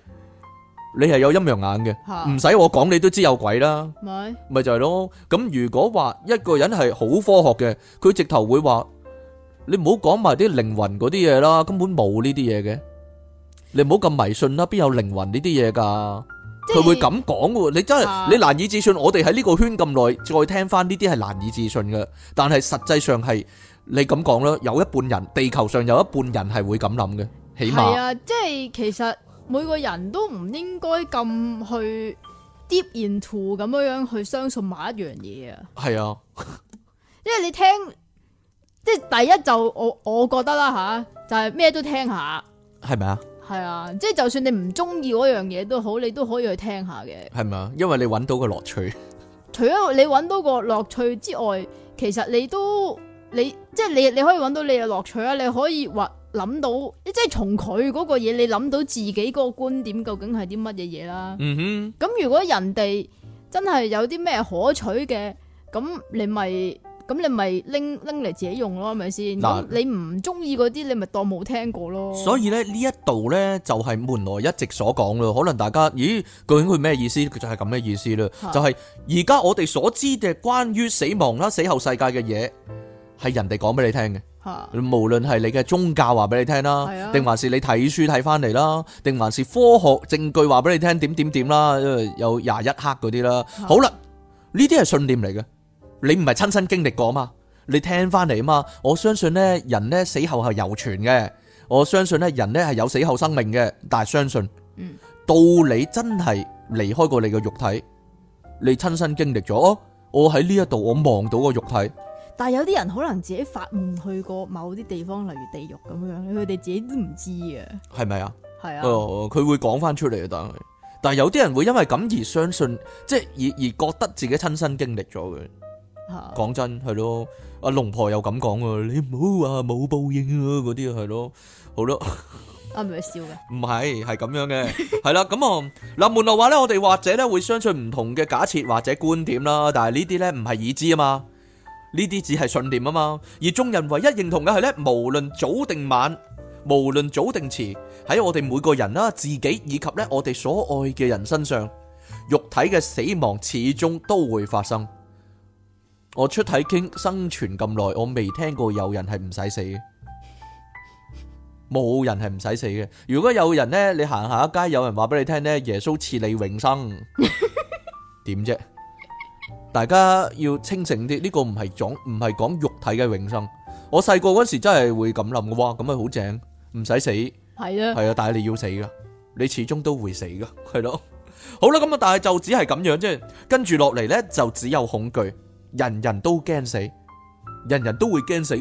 你係有陰陽眼嘅，唔使我講，你都知有鬼啦。咪咪就係咯。咁如果話一個人係好科學嘅，佢直頭會話你唔好講埋啲靈魂嗰啲嘢啦，根本冇呢啲嘢嘅。你唔好咁迷信啦，邊有靈魂呢啲嘢噶？佢會咁講嘅，你真係、啊、你難以置信。我哋喺呢個圈咁耐，再聽翻呢啲係難以置信嘅。但係實際上係你咁講啦，有一半人地球上有一半人係會咁諗嘅，起碼係啊。即係其實每個人都唔應該咁去 deep into 咁樣樣去相信某一樣嘢啊。係啊，因為你聽即係第一就我我覺得啦吓、啊，就係咩都聽下，係咪啊？係啊，即係就算你唔中意嗰樣嘢都好，你都可以去聽下嘅。係咪啊？因為你揾到個樂趣，除咗你揾到個樂趣之外，其實你都你即係你你可以揾到你嘅樂趣啊。你可以話諗到，到，即係從佢嗰個嘢，你諗到自己嗰個觀點究竟係啲乜嘢嘢啦。嗯哼，咁如果人哋真係有啲咩可取嘅，咁你咪。咁你咪拎拎嚟自己用咯，係咪先？嗱喏，你唔中意嗰啲，你咪當冇聽過咯。所以咧，呢一度呢，就係、是、門內一直所講咯。可能大家咦，究竟佢咩意思？佢就係咁嘅意思啦。的就係而家我哋所知嘅關於死亡啦、死後世界嘅嘢，係人哋講俾你聽嘅。吓的，無論係你嘅宗教話俾你聽啦，定的還是你睇書睇翻嚟啦，定還是科學證據話俾你聽點點點啦，因為有廿一克嗰啲啦。的的好啦，呢啲係信念嚟嘅。你唔係親身經歷過嘛？你聽翻嚟嘛？我相信呢，人呢死後係猶存嘅。我相信呢，人呢係有死後生命嘅。但係相信，嗯，到你真係離開過你嘅肉體，你親身經歷咗，哦。我喺呢一度，我望到個肉體。但係有啲人可能自己發夢去過某啲地方，例如地獄咁樣，佢哋自己都唔知嘅，係咪啊？係啊，哦，佢會講翻出嚟嘅，但係但係有啲人會因為咁而相信，即係而而覺得自己親身經歷咗嘅。講真係咯，阿龍婆又咁講啊，你唔好話冇報應啊，嗰啲係咯，好咯，阿明笑嘅，唔係係咁樣嘅，係啦，咁啊嗱，門路話咧，我哋或者咧會相信唔同嘅假設或者觀點啦，但係呢啲咧唔係已知啊嘛，呢啲只係信念啊嘛，而眾人唯一認同嘅係咧，無論早定晚，無論早定遲，喺我哋每個人啦、自己以及咧我哋所愛嘅人身上，肉體嘅死亡始終都會發生。我出體傾生存咁耐，我未聽過有人係唔使死嘅，冇人係唔使死嘅。如果有人咧，你行下一街，有人話俾你聽咧，耶穌賜你永生，點啫？大家要清醒啲，呢個唔係講唔係講肉體嘅永生。我細個嗰時真係會咁諗嘅，哇，咁咪好正，唔使死，係啊，係啊，但係你要死噶，你始終都會死噶，係咯。好啦，咁啊，但係就只係咁樣啫。跟住落嚟咧，就只有恐懼。人人都驚死，人人都會驚死。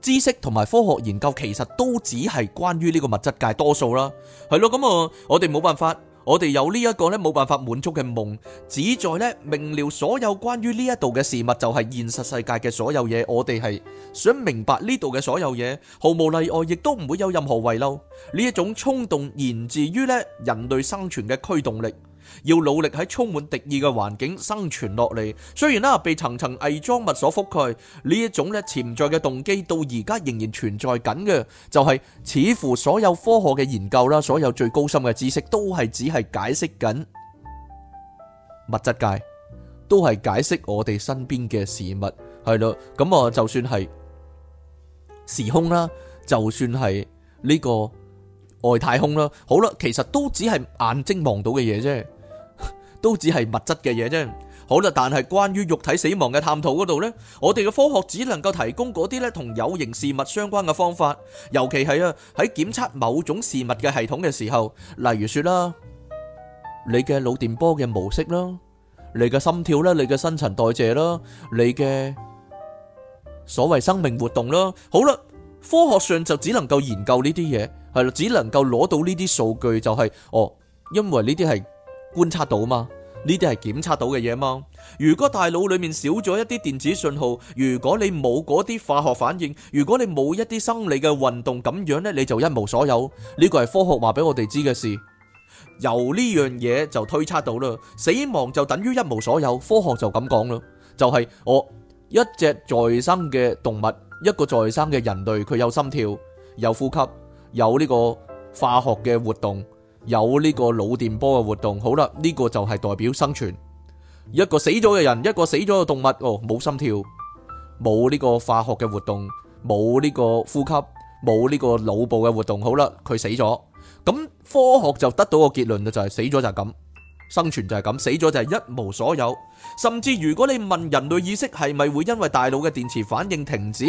知識同埋科學研究其實都只係關於呢個物質界多數啦，係咯，咁啊，我哋冇辦法，我哋有呢一個咧冇辦法滿足嘅夢，旨在咧明瞭所有關於呢一度嘅事物就係現實世界嘅所有嘢，我哋係想明白呢度嘅所有嘢，毫無例外，亦都唔會有任何遺漏呢一種衝動，源自於咧人類生存嘅驅動力。要努力喺充滿敵意嘅環境生存落嚟，雖然啦，被層層偽裝物所覆蓋，呢一種咧潛在嘅動機到而家仍然存在緊嘅，就係似乎所有科學嘅研究啦，所有最高深嘅知識都係只係解釋緊物質界，都係解釋我哋身邊嘅事物，係咯，咁啊就算係時空啦，就算係呢個外太空啦，好啦，其實都只係眼睛望到嘅嘢啫。都只係物質嘅嘢啫。好啦，但係關於肉體死亡嘅探討嗰度呢，我哋嘅科學只能夠提供嗰啲呢同有形事物相關嘅方法，尤其係啊喺檢測某種事物嘅系統嘅時候，例如說啦，你嘅腦電波嘅模式啦，你嘅心跳啦，你嘅新陳代謝啦，你嘅所謂生命活動啦。好啦，科學上就只能夠研究呢啲嘢，係啦，只能夠攞到呢啲數據就係哦，因為呢啲係。觀察到嘛？呢啲係檢測到嘅嘢嘛。如果大腦裏面少咗一啲電子信號，如果你冇嗰啲化學反應，如果你冇一啲生理嘅運動，咁樣呢，你就一無所有。呢個係科學話俾我哋知嘅事，由呢樣嘢就推測到啦。死亡就等於一無所有，科學就咁講咯。就係我一隻在生嘅動物，一個在生嘅人類，佢有心跳，有呼吸，有呢個化學嘅活動。有呢個腦電波嘅活動，好啦，呢個就係代表生存。一個死咗嘅人，一個死咗嘅動物，哦，冇心跳，冇呢個化學嘅活動，冇呢個呼吸，冇呢個腦部嘅活動，好啦，佢死咗。咁科學就得到個結論啦，就係死咗就係咁，生存就係咁，死咗就係一無所有。甚至如果你問人類意識係咪會因為大腦嘅電池反應停止？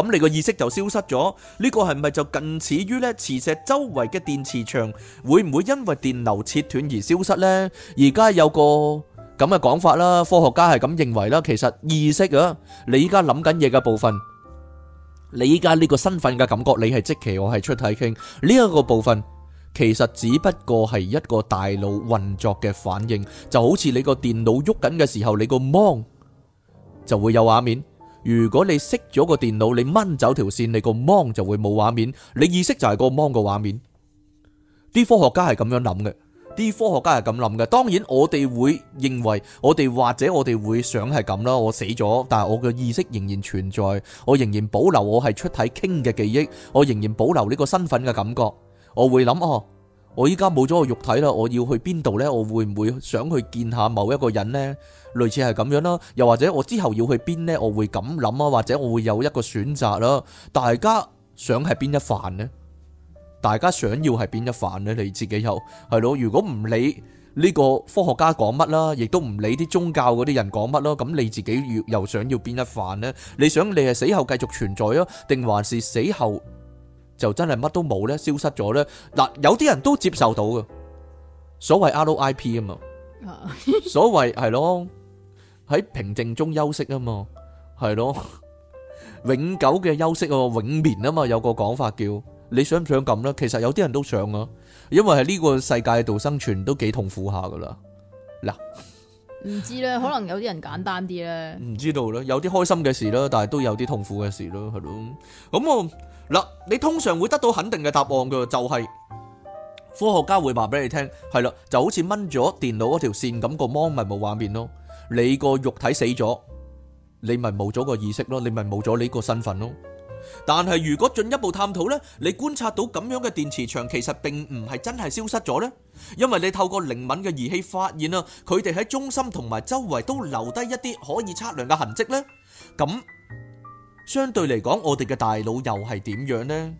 咁你個意識就消失咗，呢個係咪就近似於呢磁石周圍嘅電磁場會唔會因為電流切斷而消失呢？而家有個咁嘅講法啦，科學家係咁認為啦。其實意識啊，你依家諗緊嘢嘅部分，你依家呢個身份嘅感覺，你係即期，我係出體傾呢一個部分，其實只不過係一個大腦運作嘅反應，就好似你個電腦喐緊嘅時候，你個芒就會有畫面。如果你熄咗個電腦，你掹走條線，你個芒就會冇畫面。你意識就係個芒個畫面。啲科學家係咁樣諗嘅，啲科學家係咁諗嘅。當然我哋會認為，我哋或者我哋會想係咁啦。我死咗，但係我嘅意識仍然存在，我仍然保留我係出體傾嘅記憶，我仍然保留呢個身份嘅感覺。我會諗哦，我依家冇咗個肉體啦，我要去邊度呢？我會唔會想去見下某一個人呢？類似係咁樣啦，又或者我之後要去邊呢？我會咁諗啊，或者我會有一個選擇啦。大家想係邊一範呢？大家想要係邊一範呢？你自己又，係咯？如果唔理呢個科學家講乜啦，亦都唔理啲宗教嗰啲人講乜啦，咁你自己又又想要邊一範呢？你想你係死後繼續存在啊，定還是死後就真係乜都冇呢？消失咗呢？嗱，呃，有啲人都接受到嘅，所謂 RIP 啊嘛， 所謂係咯。喺平靜中休息啊嘛，係咯，永久嘅休息啊，永眠啊嘛，有個講法叫你想唔想咁咧？其實有啲人都想啊，因為喺呢個世界度生存都幾痛苦下噶啦。嗱，唔知咧，可能有啲人簡單啲咧，唔知道咧，有啲開心嘅事啦，但係都有啲痛苦嘅事咯，係咯。咁我嗱，你通常會得到肯定嘅答案噶，就係科學家會話俾你聽，係啦，就好似掹咗電腦嗰條線咁，個芒咪冇畫面咯。你個肉體死咗，你咪冇咗個意識咯，你咪冇咗你個身份咯。但係如果進一步探討咧，你觀察到咁樣嘅電磁場其實並唔係真係消失咗咧，因為你透過靈敏嘅儀器發現啦，佢哋喺中心同埋周圍都留低一啲可以測量嘅痕跡咧。咁相對嚟講，我哋嘅大腦又係點樣咧？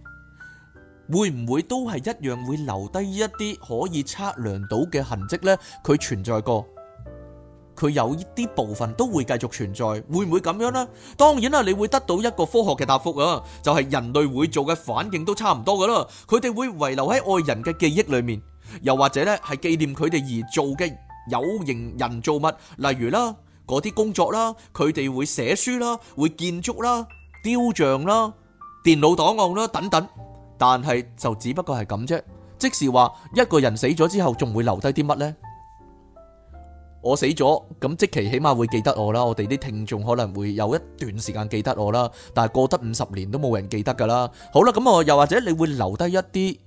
會唔會都係一樣會留低一啲可以測量到嘅痕跡咧？佢存在過。佢有一啲部分都會繼續存在，會唔會咁樣呢？當然啦，你會得到一個科學嘅答覆啊，就係人類會做嘅反應都差唔多噶啦，佢哋會遺留喺愛人嘅記憶裏面，又或者咧係紀念佢哋而做嘅有形人造物，例如啦嗰啲工作啦，佢哋會寫書啦，會建築啦、雕像啦、電腦檔案啦等等。但係就只不過係咁啫，即是話一個人死咗之後，仲會留低啲乜呢？我死咗，咁即期起碼會記得我啦。我哋啲聽眾可能會有一段時間記得我啦，但係過得五十年都冇人記得㗎啦。好啦，咁我又或者你會留低一啲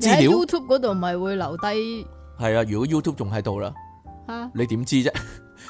資料。YouTube 嗰度咪會留低？係啊，如果 YouTube 仲喺度啦嚇，哈你點知啫？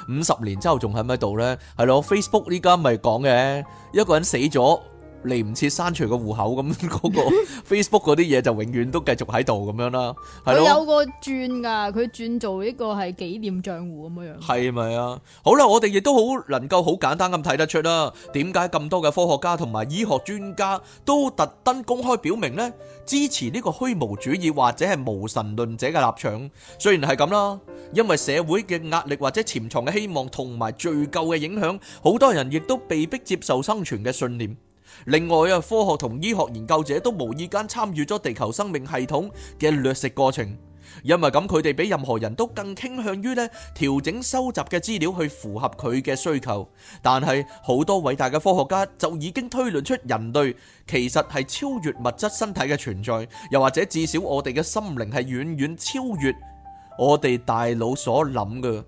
五 十年之後仲喺唔喺度呢？係咯，啊，Facebook 呢家咪講嘅一個人死咗。嚟唔切刪除個戶口咁嗰個 Facebook 嗰啲嘢就永遠都繼續喺度咁樣啦。佢有個轉噶，佢轉做呢個係紀念賬戶咁樣。係咪啊？好啦，我哋亦都好能夠好簡單咁睇得出啦。點解咁多嘅科學家同埋醫學專家都特登公開表明呢？支持呢個虛無主義或者係無神論者嘅立場？雖然係咁啦，因為社會嘅壓力或者潛藏嘅希望同埋罪疚嘅影響，好多人亦都被迫接受生存嘅信念。另外啊，科學同醫學研究者都無意間參與咗地球生命系統嘅掠食過程，因為咁佢哋比任何人都更傾向於呢調整收集嘅資料去符合佢嘅需求。但係好多偉大嘅科學家就已經推論出人類其實係超越物質身體嘅存在，又或者至少我哋嘅心靈係遠遠超越我哋大腦所諗嘅。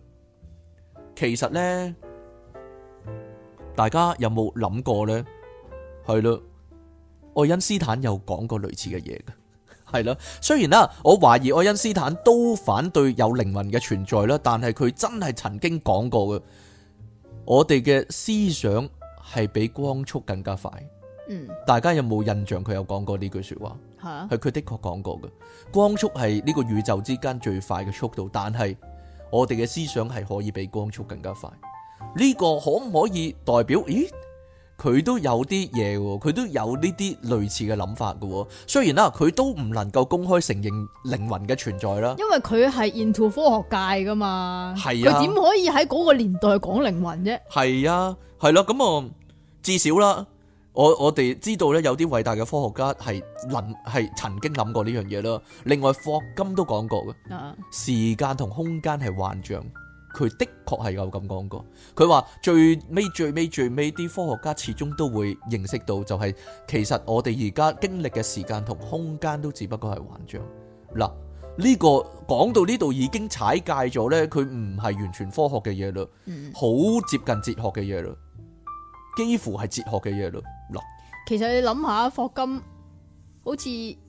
其實呢，大家有冇諗過呢？係咯，愛因斯坦有講過類似嘅嘢嘅，係咯。雖然啦，我懷疑愛因斯坦都反對有靈魂嘅存在啦，但係佢真係曾經講過嘅，我哋嘅思想係比光速更加快。嗯，大家有冇印象佢有講過呢句說話？係、啊，佢的確講過嘅。光速係呢個宇宙之間最快嘅速度，但係我哋嘅思想係可以比光速更加快。呢個可唔可以代表？咦？佢都有啲嘢喎，佢都有呢啲類似嘅諗法㗎喎。雖然啦，佢都唔能夠公開承認靈魂嘅存在啦。因為佢係 into 科學界噶嘛，係啊，佢點可以喺嗰個年代講靈魂啫？係啊，係咯、啊，咁、嗯、啊，至少啦，我我哋知道咧，有啲偉大嘅科學家係諗係曾經諗過呢樣嘢啦。另外霍金都講過嘅，時間同空間係幻象。佢的確係有咁講過，佢話最尾最尾最尾啲科學家始終都會認識到，就係，就係其實我哋而家經歷嘅時間同空間都只不過係幻象。嗱，呢、呢個講到呢度已經踩界咗咧，佢唔係完全科學嘅嘢嘞，好、嗯、接近哲學嘅嘢嘞，幾乎係哲學嘅嘢嘞。嗱，其實你諗下霍金好似。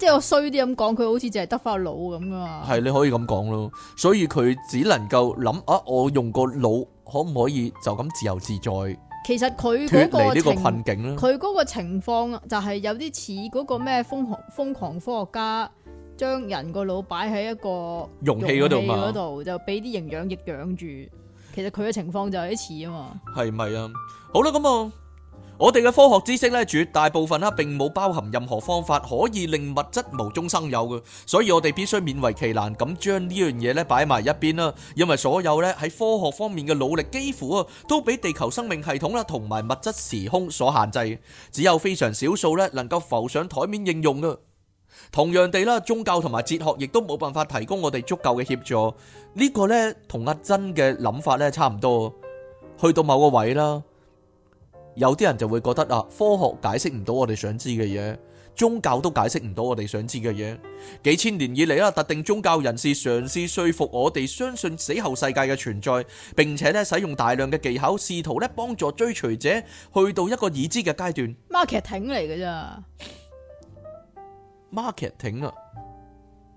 即係我衰啲咁講，佢好似淨係得翻個腦咁噶嘛。係你可以咁講咯，所以佢只能夠諗啊，我用個腦可唔可以就咁自由自在？其實佢脫離呢個困境啦。佢嗰個情況就係有啲似嗰個咩瘋狂瘋狂科學家將人個腦擺喺一個容器嗰度，就俾啲營養液養住。其實佢嘅情況就係有啲似啊嘛。係咪啊？好啦，咁啊。我哋嘅科學知識咧，絕大部分咧，並冇包含任何方法可以令物質無中生有嘅，所以我哋必須勉為其難咁將呢樣嘢咧擺埋一邊啦。因為所有咧喺科學方面嘅努力，幾乎啊都俾地球生命系統啦同埋物質時空所限制，只有非常少數咧能夠浮上台面應用嘅。同樣地啦，宗教同埋哲學亦都冇辦法提供我哋足夠嘅協助。呢個咧同阿珍嘅諗法咧差唔多，去到某個位啦。有啲人就會覺得啊，科學解釋唔到我哋想知嘅嘢，宗教都解釋唔到我哋想知嘅嘢。幾千年以嚟啦，特定宗教人士嘗試說服我哋相信死後世界嘅存在，並且咧使用大量嘅技巧，試圖咧幫助追隨者去到一個已知嘅階段。marketing 嚟嘅咋？marketing 啊，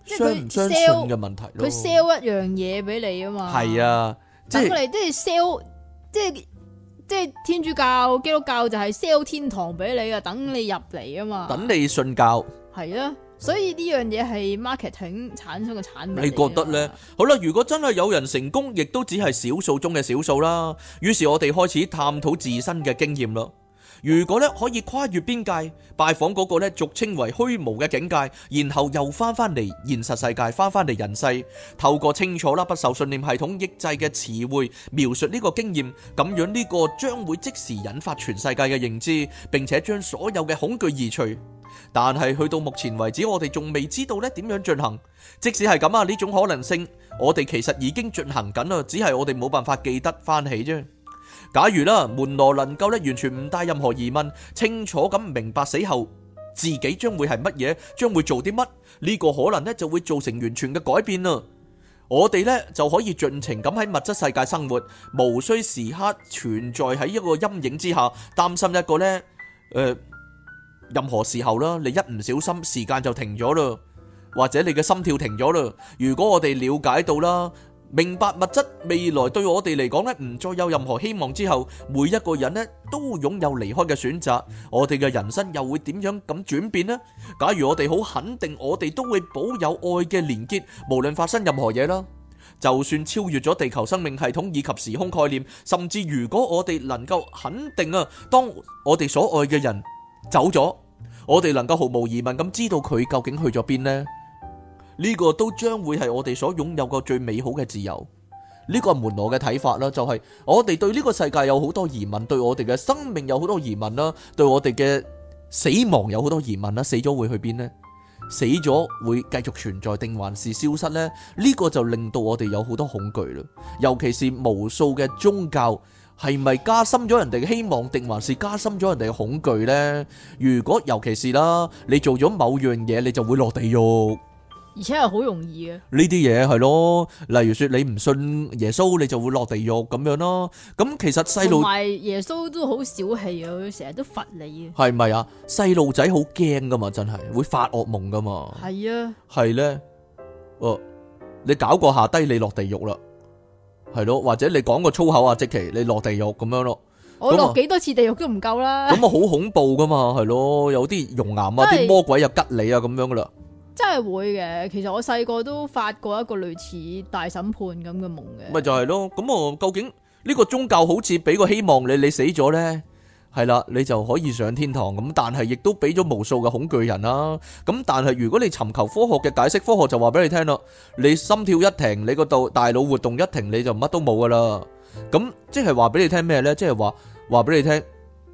即係佢相唔相信嘅問題，佢 sell 一樣嘢俾你啊嘛。係啊，即係嚟都係 sell，即係。即係天主教、基督教就係 sell 天堂俾你啊，等你入嚟啊嘛，等你信教係啊，所以呢樣嘢係 marketing 產生嘅產品。你覺得咧？好啦，如果真係有人成功，亦都只係少數中嘅少數啦。於是我哋開始探討自身嘅經驗咯。如果咧可以跨越邊界拜訪嗰個咧俗稱為虛無嘅境界，然後又翻翻嚟現實世界，翻翻嚟人世，透過清楚啦不受信念系統抑制嘅詞彙描述呢個經驗，咁樣呢個將會即時引發全世界嘅認知，並且將所有嘅恐懼移除。但係去到目前為止，我哋仲未知道咧點樣進行。即使係咁啊，呢種可能性，我哋其實已經進行緊啦，只係我哋冇辦法記得翻起啫。假如啦，門羅能夠咧完全唔帶任何疑問，清楚咁明白死後自己將會係乜嘢，將會做啲乜，呢個可能咧就會造成完全嘅改變啦。我哋咧就可以盡情咁喺物質世界生活，無需時刻存在喺一個陰影之下，擔心一個咧，誒，任何時候啦，你一唔小心時間就停咗啦，或者你嘅心跳停咗啦。如果我哋了解到啦。明白物質未來對我哋嚟講呢，唔再有任何希望之後，每一個人呢都擁有離開嘅選擇，我哋嘅人生又會點樣咁轉變呢？假如我哋好肯定我哋都會保有愛嘅連結，無論發生任何嘢啦，就算超越咗地球生命系統以及時空概念，甚至如果我哋能夠肯定啊，當我哋所愛嘅人走咗，我哋能夠毫無疑問咁知道佢究竟去咗邊呢？呢個都將會係我哋所擁有過最美好嘅自由。呢、這個係門羅嘅睇法啦，就係、是、我哋對呢個世界有好多疑問，對我哋嘅生命有好多疑問啦，對我哋嘅死亡有好多疑問啦。死咗會去邊呢？死咗會繼續存在定還是消失呢？呢、這個就令到我哋有好多恐懼啦。尤其是無數嘅宗教係咪加深咗人哋嘅希望定還是加深咗人哋嘅恐懼呢？如果尤其是啦，你做咗某樣嘢，你就會落地獄。而且係好容易嘅呢啲嘢係咯，例如說你唔信耶穌，你就會落地獄咁樣咯。咁其實細路耶穌都好小氣啊，佢成日都罰你嘅。係咪啊？細路仔好驚噶嘛，真係會發惡夢噶嘛。係啊，係咧。哦，你搞個下低你落地獄啦，係咯，或者你講個粗口啊，即期你落地獄咁樣咯。我落幾多次地獄都唔夠啦。咁啊，好恐怖噶嘛，係咯，有啲熔岩啊，啲魔鬼又吉你啊，咁樣噶啦。真係會嘅，其實我細個都發過一個類似大審判咁嘅夢嘅。咪就係咯，咁我究竟呢個宗教好似俾個希望你，你死咗呢，係啦，你就可以上天堂咁。但係亦都俾咗無數嘅恐懼人啦。咁但係如果你尋求科學嘅解釋，科學就話俾你聽咯，你心跳一停，你個度大腦活動一停，你就乜都冇噶啦。咁即係話俾你聽咩呢？即係話話俾你聽，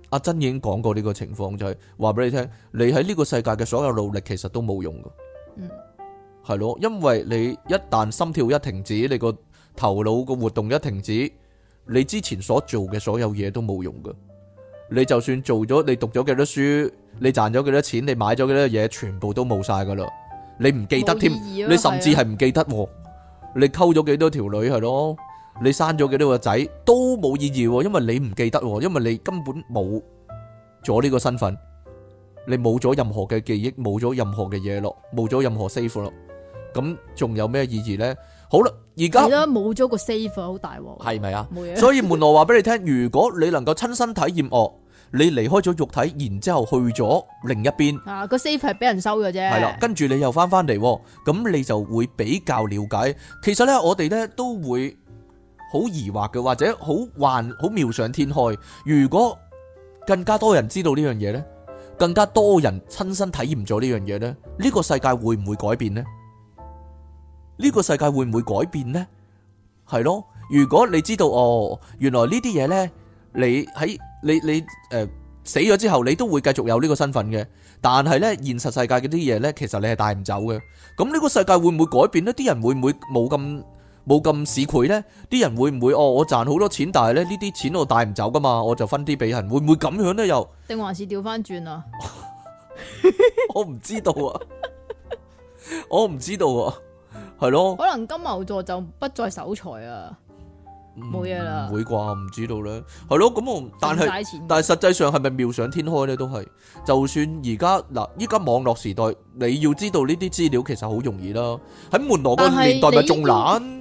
阿珍已經講過呢個情況，就係話俾你聽，你喺呢個世界嘅所有努力其實都冇用噶。係咯，因為你一旦心跳一停止，你個頭腦個活動一停止，你之前所做嘅所有嘢都冇用噶。你就算做咗，你讀咗幾多書，你賺咗幾多錢，你買咗幾多嘢，全部都冇晒噶啦。你唔記得添，你甚至係唔記得。你溝咗幾多條女係咯，你生咗幾多個仔都冇意義，因為你唔記得，因為你根本冇咗呢個身份。你冇咗任何嘅記憶，冇咗任何嘅嘢咯，冇咗任何 save 咯，咁仲有咩意義呢？好啦，而家冇咗個 save 好大鑊，係咪啊？所以門羅話俾你聽，如果你能夠親身體驗惡，你離開咗肉體，然之後去咗另一邊，啊個 save 係俾人收嘅啫，係啦，跟住你又返返嚟，咁你就會比較了解。其實呢，我哋呢都會好疑惑嘅，或者好幻、好妙想天開。如果更加多人知道呢樣嘢呢？更加多人親身體驗咗呢樣嘢呢，呢個世界會唔會改變呢？呢個世界會唔會改變呢？係咯！如果你知道哦，原來呢啲嘢呢，你喺你你誒死咗之後，你都會繼續有呢個身份嘅。但係呢，現實世界嘅啲嘢呢，其實你係帶唔走嘅。咁呢個世界會唔會改變呢？啲人會唔會冇咁？冇咁市儈咧，啲人會唔會哦？我賺好多錢，但係咧呢啲錢我帶唔走噶嘛，我就分啲俾人，會唔會咁樣咧？又定還是掉翻轉啊？我唔知道啊，我唔知道啊，係咯？可能金牛座就不再守財啊，冇嘢啦，唔會啩？唔知道咧，係咯？咁我但係但係實際上係咪妙想天開咧？都係，就算而家嗱，依家網絡時代，你要知道呢啲資料其實好容易啦。喺門羅嗰個年代咪仲難？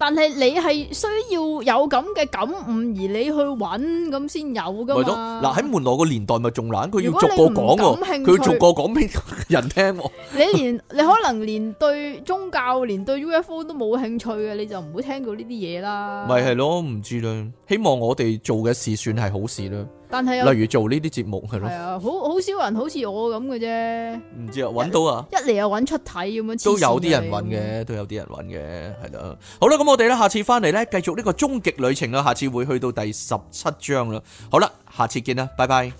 但係你係需要有咁嘅感悟，而你去揾咁先有噶嘛？嗱，喺門羅個年代咪仲難，佢要逐個講喎，佢逐個講俾人聽喎。你連你可能連對宗教、連對 UFO 都冇興趣嘅，你就唔會聽到呢啲嘢啦。咪係咯，唔知啦。希望我哋做嘅事算係好事啦。但例如做呢啲節目係咯，係啊的，了好好少人好似我咁嘅啫。唔知啊，揾到啊，一嚟又揾出體咁樣，都有啲人揾嘅，都有啲人揾嘅，係咯。好啦，咁我哋咧，下次翻嚟咧，繼續呢個終極旅程啦，下次會去到第十七章啦。好啦，下次見啦，拜拜。